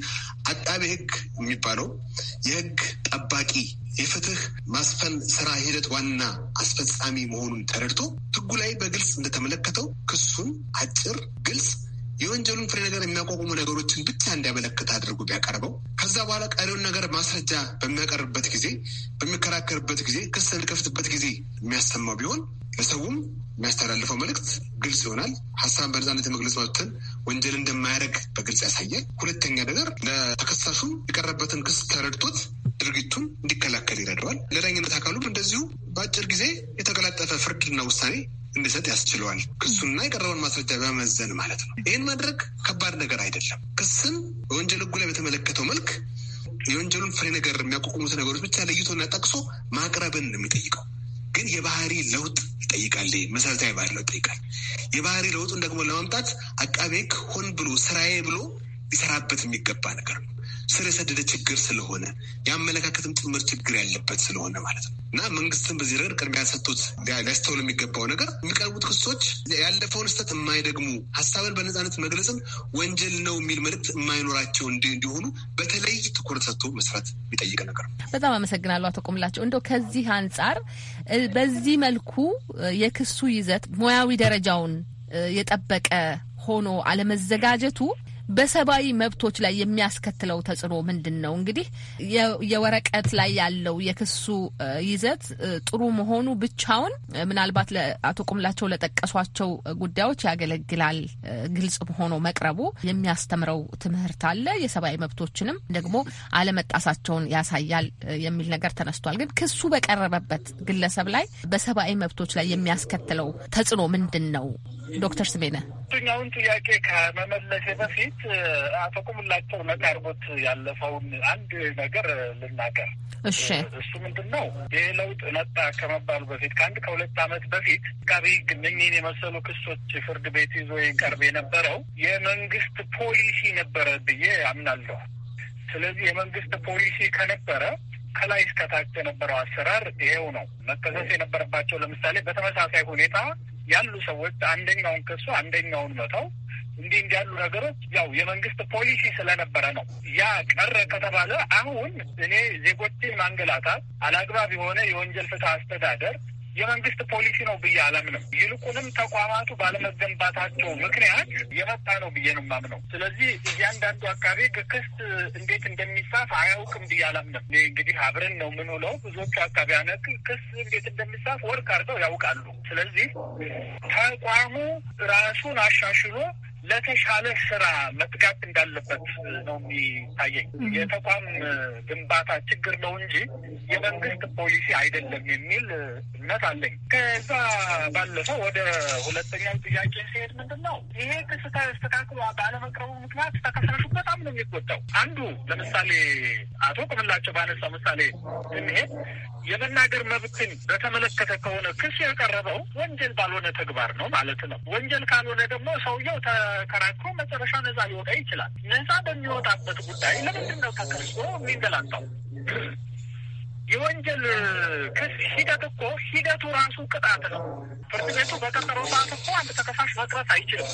አቃቤ ሕግ የሚባለው የሕግ ጠባቂ የፍትህ ማስፈን ስራ ሂደት ዋና አስፈጻሚ መሆኑን ተረድቶ ሕጉ ላይ በግልጽ እንደተመለከተው ክሱን አጭር፣ ግልጽ የወንጀሉን ፍሬ ነገር የሚያቋቁሙ ነገሮችን ብቻ እንዲያመለክት አድርጎ ቢያቀርበው ከዛ በኋላ ቀሪውን ነገር ማስረጃ በሚያቀርብበት ጊዜ በሚከራከርበት ጊዜ ክስ የሚከፍትበት ጊዜ የሚያሰማው ቢሆን ለሰውም የሚያስተላልፈው መልእክት ግልጽ ይሆናል። ሀሳብን በነፃነት የመግለጽ መብትን ወንጀል እንደማያደርግ በግልጽ ያሳያል። ሁለተኛ ነገር ለተከሳሹም የቀረበትን ክስ ተረድቶት ድርጊቱን እንዲከላከል ይረዳዋል። ለዳኝነት አካሉም እንደዚሁ በአጭር ጊዜ የተቀላጠፈ ፍርድና ውሳኔ እንዲሰጥ ያስችለዋል። ክሱና የቀረበውን ማስረጃ በመመዘን ማለት ነው። ይህን ማድረግ ከባድ ነገር አይደለም። ክስን በወንጀል ሕጉ ላይ በተመለከተው መልክ የወንጀሉን ፍሬ ነገር የሚያቋቁሙት ነገሮች ብቻ ለይቶና ጠቅሶ ማቅረብን ነው የሚጠይቀው። ግን የባህሪ ለውጥ ይጠይቃል። መሰረታዊ ባህሪ ለውጥ ይጠይቃል። የባህሪ ለውጡን ደግሞ ለማምጣት አቃቤ ሕግ ሆን ብሎ ስራዬ ብሎ ሊሰራበት የሚገባ ነገር ነው። ስር የሰደደ ችግር ስለሆነ የአመለካከትም ጥምር ችግር ያለበት ስለሆነ ማለት ነው እና መንግስትም በዚህ ረገድ ቅድሚያ ሰጥቶት ሊያስተውል የሚገባው ነገር የሚቀርቡት ክሶች ያለፈውን ስህተት የማይደግሙ ሀሳብን በነፃነት መግለጽም ወንጀል ነው የሚል መልእክት የማይኖራቸው እንዲሆኑ በተለይ ትኩረት ሰጥቶ መስራት የሚጠይቅ ነገር ነው። በጣም አመሰግናለሁ አቶ ቁምላቸው። እንደው ከዚህ አንጻር በዚህ መልኩ የክሱ ይዘት ሙያዊ ደረጃውን የጠበቀ ሆኖ አለመዘጋጀቱ በሰብአዊ መብቶች ላይ የሚያስከትለው ተጽዕኖ ምንድን ነው? እንግዲህ የወረቀት ላይ ያለው የክሱ ይዘት ጥሩ መሆኑ ብቻውን ምናልባት ለአቶ ቁምላቸው ለጠቀሷቸው ጉዳዮች ያገለግላል። ግልጽ ሆኖ መቅረቡ የሚያስተምረው ትምህርት አለ፣ የሰብአዊ መብቶችንም ደግሞ አለመጣሳቸውን ያሳያል የሚል ነገር ተነስቷል። ግን ክሱ በቀረበበት ግለሰብ ላይ በሰብአዊ መብቶች ላይ የሚያስከትለው ተጽዕኖ ምንድን ነው? ዶክተር ስሜነ ሁለተኛውን ጥያቄ ከመመለሴ በፊት አቶ ቁምላቸው ነቅ አድርጎት ያለፈውን አንድ ነገር ልናገር። እሺ፣ እሱ ምንድን ነው? ይህ ለውጥ መጣ ከመባሉ በፊት ከአንድ ከሁለት ዓመት በፊት አቃቤ ሕግ የመሰሉ ክሶች ፍርድ ቤት ይዞ ይቀርብ የነበረው የመንግስት ፖሊሲ ነበረ ብዬ አምናለሁ። ስለዚህ የመንግስት ፖሊሲ ከነበረ ከላይ እስከታች የነበረው አሰራር ይሄው ነው። መከሰስ የነበረባቸው ለምሳሌ በተመሳሳይ ሁኔታ ያሉ ሰዎች አንደኛውን ክሱ አንደኛውን መተው እንዲህ እንዲያሉ ነገሮች ያው የመንግስት ፖሊሲ ስለነበረ ነው። ያ ቀረ ከተባለ አሁን እኔ ዜጎችን ማንገላታት አላግባብ የሆነ የወንጀል ፍትህ አስተዳደር የመንግስት ፖሊሲ ነው ብዬ አላምንም። ይልቁንም ተቋማቱ ባለመገንባታቸው ምክንያት የመጣ ነው ብዬ ነው የማምነው። ስለዚህ እያንዳንዱ አካባቢ ክስት እንዴት እንደሚጻፍ አያውቅም ብዬ አላምንም። እንግዲህ አብረን ነው የምንውለው። ብዙዎቹ አካባቢ ክስ እንዴት እንደሚጻፍ ወርቅ አድርገው ያውቃሉ። ስለዚህ ተቋሙ ራሱን አሻሽሎ ለተሻለ ስራ መትጋት እንዳለበት ነው የሚታየኝ። የተቋም ግንባታ ችግር ነው እንጂ የመንግስት ፖሊሲ አይደለም የሚል እምነት አለኝ። ከዛ ባለፈው ወደ ሁለተኛው ጥያቄ ሲሄድ ምንድን ነው ይሄ ክስ ተስተካክሎ ባለመቅረቡ ምክንያት ተከሳሹ በጣም ነው የሚጎዳው። አንዱ ለምሳሌ አቶ ቅምላቸው ባነሳው ምሳሌ ስንሄድ የመናገር መብትን በተመለከተ ከሆነ ክስ ያቀረበው ወንጀል ባልሆነ ተግባር ነው ማለት ነው። ወንጀል ካልሆነ ደግሞ ሰውየው ተከራክሮ መጨረሻ ነፃ ሊወጣ ይችላል። ነፃ በሚወጣበት ጉዳይ ለምንድን ነው ተከሶ የሚንገላታው? የወንጀል ክስ ሂደት እኮ ሂደቱ ራሱ ቅጣት ነው። ፍርድ ቤቱ በቀጠረው ሰዓት እኮ አንድ ተከሳሽ መቅረት አይችልም።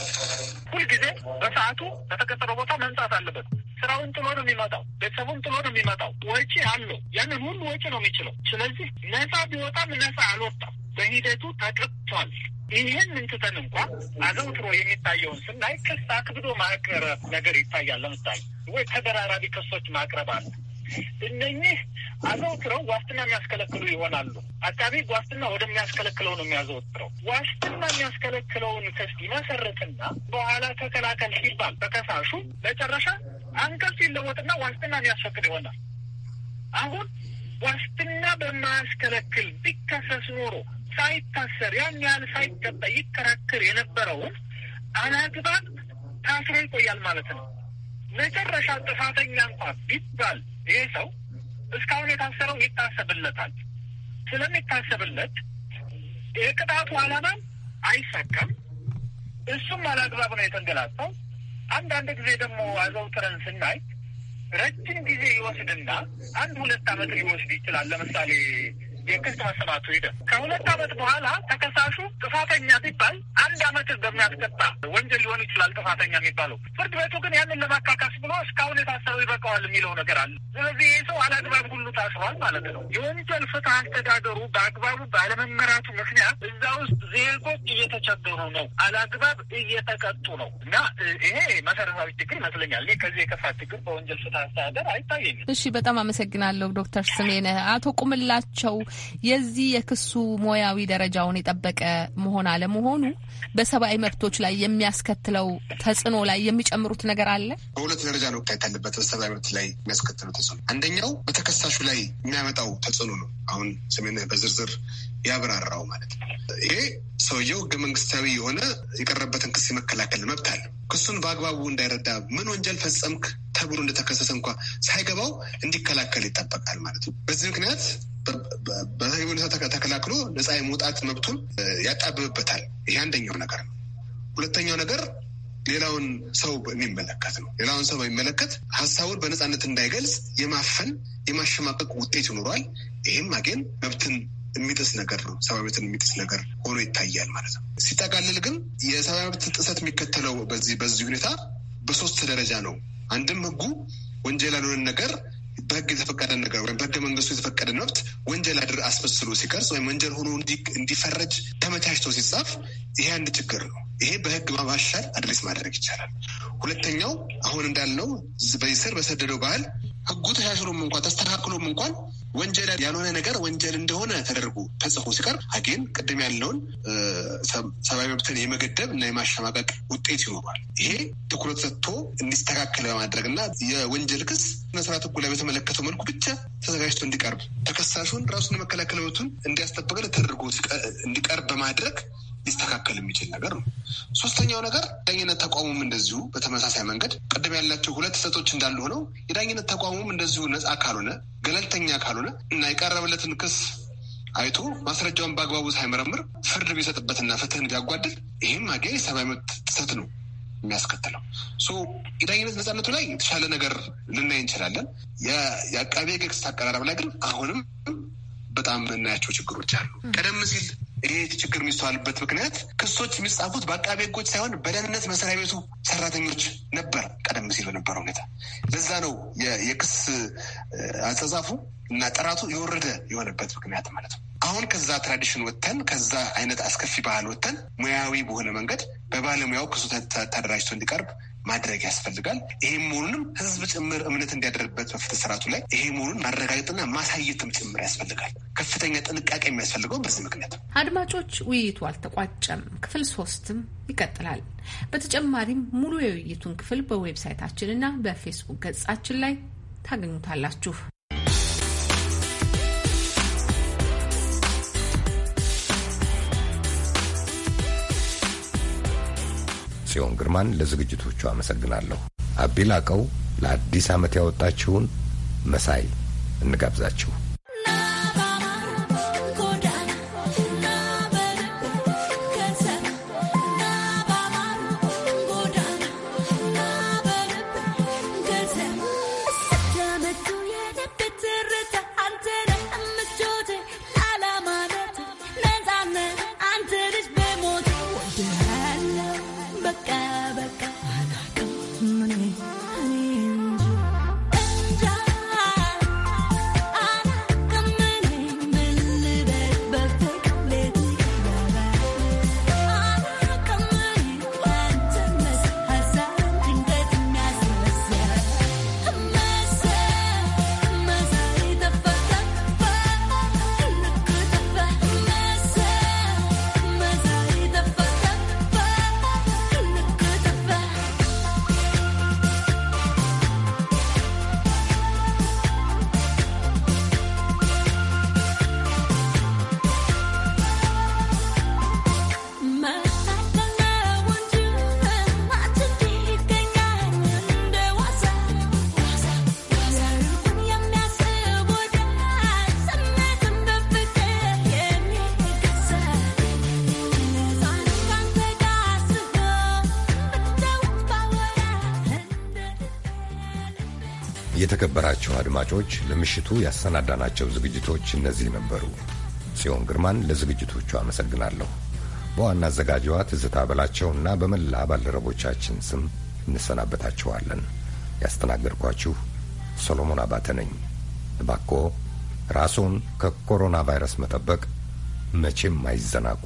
ሁልጊዜ በሰዓቱ በተቀጠረው ቦታ መምጣት አለበት። ስራውን ጥሎ ነው የሚመጣው፣ ቤተሰቡን ጥሎ ነው የሚመጣው። ወጪ አለው፣ ያንን ሁሉ ወጪ ነው የሚችለው። ስለዚህ ነፃ ቢወጣም ነፃ አልወጣም፣ በሂደቱ ተቀጥቷል። ይህን እንትተን እንኳ አዘውትሮ የሚታየውን ስናይ ክስ አክብዶ ማቅረብ ነገር ይታያል። ለምሳሌ ወይ ተደራራቢ ክሶች ማቅረብ አለ እነኚህ አዘውትረው ዋስትና የሚያስከለክሉ ይሆናሉ። አቃቤ ዋስትና ወደሚያስከለክለው ነው የሚያዘወትረው። ዋስትና የሚያስከለክለውን ክስ ይመሰርትና በኋላ ተከላከል ሲባል በከሳሹ መጨረሻ አንቀጽ ይለወጥና ዋስትና የሚያስፈቅድ ይሆናል። አሁን ዋስትና በማያስከለክል ቢከሰስ ኖሮ ሳይታሰር ያን ያህል ሳይገባ ይከራከር የነበረውን አላግባብ ታስሮ ይቆያል ማለት ነው። መጨረሻ ጥፋተኛ እንኳ ቢባል ይህ ሰው እስካሁን የታሰረው ይታሰብለታል። ስለሚታሰብለት የቅጣቱ ዓላማም አይሳካም። እሱም አላግባብ ነው የተንገላታው። አንዳንድ ጊዜ ደግሞ አዘውትረን ስናይ ረጅም ጊዜ ይወስድና አንድ ሁለት ዓመት ሊወስድ ይችላል። ለምሳሌ የክስ መሰማቱ ሄደ። ከሁለት ዓመት በኋላ ተከሳሹ ጥፋተኛ ሲባል አንድ አመት በሚያስቀጣ ወንጀል ሊሆን ይችላል ጥፋተኛ የሚባለው። ፍርድ ቤቱ ግን ያንን ለማካካስ ብሎ እስካሁን የታሰሩ ይበቃዋል የሚለው ነገር አለ። ስለዚህ ይህ ሰው አላግባብ ሁሉ ታስሯል ማለት ነው። የወንጀል ፍትህ አስተዳደሩ በአግባቡ ባለመመራቱ ምክንያት እዛ ውስጥ ዜጎች እየተቸገሩ ነው፣ አላግባብ እየተቀጡ ነው እና ይሄ መሰረታዊ ችግር ይመስለኛል። ከዚህ የከፋ ችግር በወንጀል ፍትህ አስተዳደር አይታየኝም። እሺ፣ በጣም አመሰግናለሁ ዶክተር ስሜነ አቶ ቁምላቸው የዚህ የክሱ ሙያዊ ደረጃውን የጠበቀ መሆን አለመሆኑ በሰብአዊ መብቶች ላይ የሚያስከትለው ተጽዕኖ ላይ የሚጨምሩት ነገር አለ። በሁለት ደረጃ ነው ያለበት በሰብአዊ መብት ላይ የሚያስከትለው ተጽዕኖ። አንደኛው በተከሳሹ ላይ የሚያመጣው ተጽዕኖ ነው። አሁን ሰሜን በዝርዝር ያብራራው ማለት ነው። ይሄ ሰውየው ህገ መንግስታዊ የሆነ የቀረበትን ክስ የመከላከል መብት አለ። ክሱን በአግባቡ እንዳይረዳ ምን ወንጀል ፈጸምክ ተብሎ እንደተከሰሰ እንኳ ሳይገባው እንዲከላከል ይጠበቃል ማለት ነው። በዚህ ምክንያት በተለይ ሁኔታ ተከላክሎ ነፃ የመውጣት መብቱን ያጣብብበታል። ይሄ አንደኛው ነገር ነው። ሁለተኛው ነገር ሌላውን ሰው የሚመለከት ነው። ሌላውን ሰው በሚመለከት ሀሳቡን በነፃነት እንዳይገልጽ የማፈን የማሸማቀቅ ውጤት ይኖሯል። ይህም አገን መብትን የሚጥስ ነገር ነው። ሰብአዊ መብትን የሚጥስ ነገር ሆኖ ይታያል ማለት ነው። ሲጠቃልል ግን የሰብአዊ መብት ጥሰት የሚከተለው በዚህ በዚህ ሁኔታ በሶስት ደረጃ ነው። አንድም ህጉ ወንጀል ያልሆነን ነገር በህግ የተፈቀደ ነገር ወይም በህገ መንግስቱ የተፈቀደ መብት ወንጀል አድር አስመስሎ ሲቀርጽ ወይም ወንጀል ሆኖ እንዲፈረጅ ተመቻችቶ ሲጻፍ ይሄ አንድ ችግር ነው። ይሄ በህግ ማባሻል አድሬስ ማድረግ ይቻላል። ሁለተኛው አሁን እንዳልነው በስር በሰደደው ባህል ህጉ ተሻሽሎም እንኳን ተስተካክሎም እንኳን ወንጀል ያልሆነ ነገር ወንጀል እንደሆነ ተደርጎ ተጽፎ ሲቀር አጌን ቅድም ያለውን ሰብአዊ መብትን የመገደብ እና የማሸማቀቅ ውጤት ይኖሯል። ይሄ ትኩረት ሰጥቶ እንዲስተካከል በማድረግ እና የወንጀል ክስ መስራት እኩል ላይ በተመለከተው መልኩ ብቻ ተዘጋጅቶ እንዲቀርብ ተከሳሹን ራሱን የመከላከል መብቱን እንዲያስጠብቅ ተደርጎ እንዲቀርብ በማድረግ ሊስተካከል የሚችል ነገር ነው። ሶስተኛው ነገር ዳኝነት ተቋሙም እንደዚሁ በተመሳሳይ መንገድ ቅድም ያላቸው ሁለት ሰቶች እንዳሉ ሆነው የዳኝነት ተቋሙም እንደዚሁ ነፃ ካልሆነ ገለልተኛ ካልሆነ እና የቀረበለትን ክስ አይቶ ማስረጃውን በአግባቡ ሳይመረምር ፍርድ ቢሰጥበትና ፍትህን ቢያጓድል ይህም አገ የሰብአዊ መብት ጥሰት ነው የሚያስከትለው የዳኝነት ነፃነቱ ላይ የተሻለ ነገር ልናይ እንችላለን። የአቃቤ ሕግ ክስ አቀራረብ ላይ ግን አሁንም በጣም የምናያቸው ችግሮች አሉ። ቀደም ሲል ይህ ችግር የሚስተዋልበት ምክንያት ክሶች የሚጻፉት በአቃቢ ህጎች ሳይሆን በደህንነት መስሪያ ቤቱ ሰራተኞች ነበር፣ ቀደም ሲል በነበረ ሁኔታ። ለዛ ነው የክስ አጸጻፉ እና ጥራቱ የወረደ የሆነበት ምክንያት ማለት ነው። አሁን ከዛ ትራዲሽን ወጥተን ከዛ አይነት አስከፊ ባህል ወጥተን ሙያዊ በሆነ መንገድ በባለሙያው ክሱ ተደራጅቶ እንዲቀርብ ማድረግ ያስፈልጋል። ይሄ መሆኑንም ህዝብ ጭምር እምነት እንዲያደርበት በፍትህ ስርዓቱ ላይ ይሄ መሆኑን ማረጋገጥና ማሳየትም ጭምር ያስፈልጋል። ከፍተኛ ጥንቃቄ የሚያስፈልገው በዚህ ምክንያት። አድማጮች፣ ውይይቱ አልተቋጨም። ክፍል ሶስትም ይቀጥላል። በተጨማሪም ሙሉ የውይይቱን ክፍል በዌብሳይታችን እና በፌስቡክ ገጻችን ላይ ታገኙታላችሁ። ጽዮን ግርማን ለዝግጅቶቹ አመሰግናለሁ። አቢ ለአዲስ ዓመት ያወጣችውን መሳይ እንጋብዛችሁ። አድማጮች ለምሽቱ ያሰናዳናቸው ዝግጅቶች እነዚህ ነበሩ። ጽዮን ግርማን ለዝግጅቶቹ አመሰግናለሁ። በዋና አዘጋጅዋ ትዝታ በላቸውና በመላ ባልደረቦቻችን ስም እንሰናበታችኋለን። ያስተናገድኳችሁ ሰሎሞን አባተ ነኝ። እባክዎ ራስዎን ከኮሮና ቫይረስ መጠበቅ መቼም አይዘናጉ።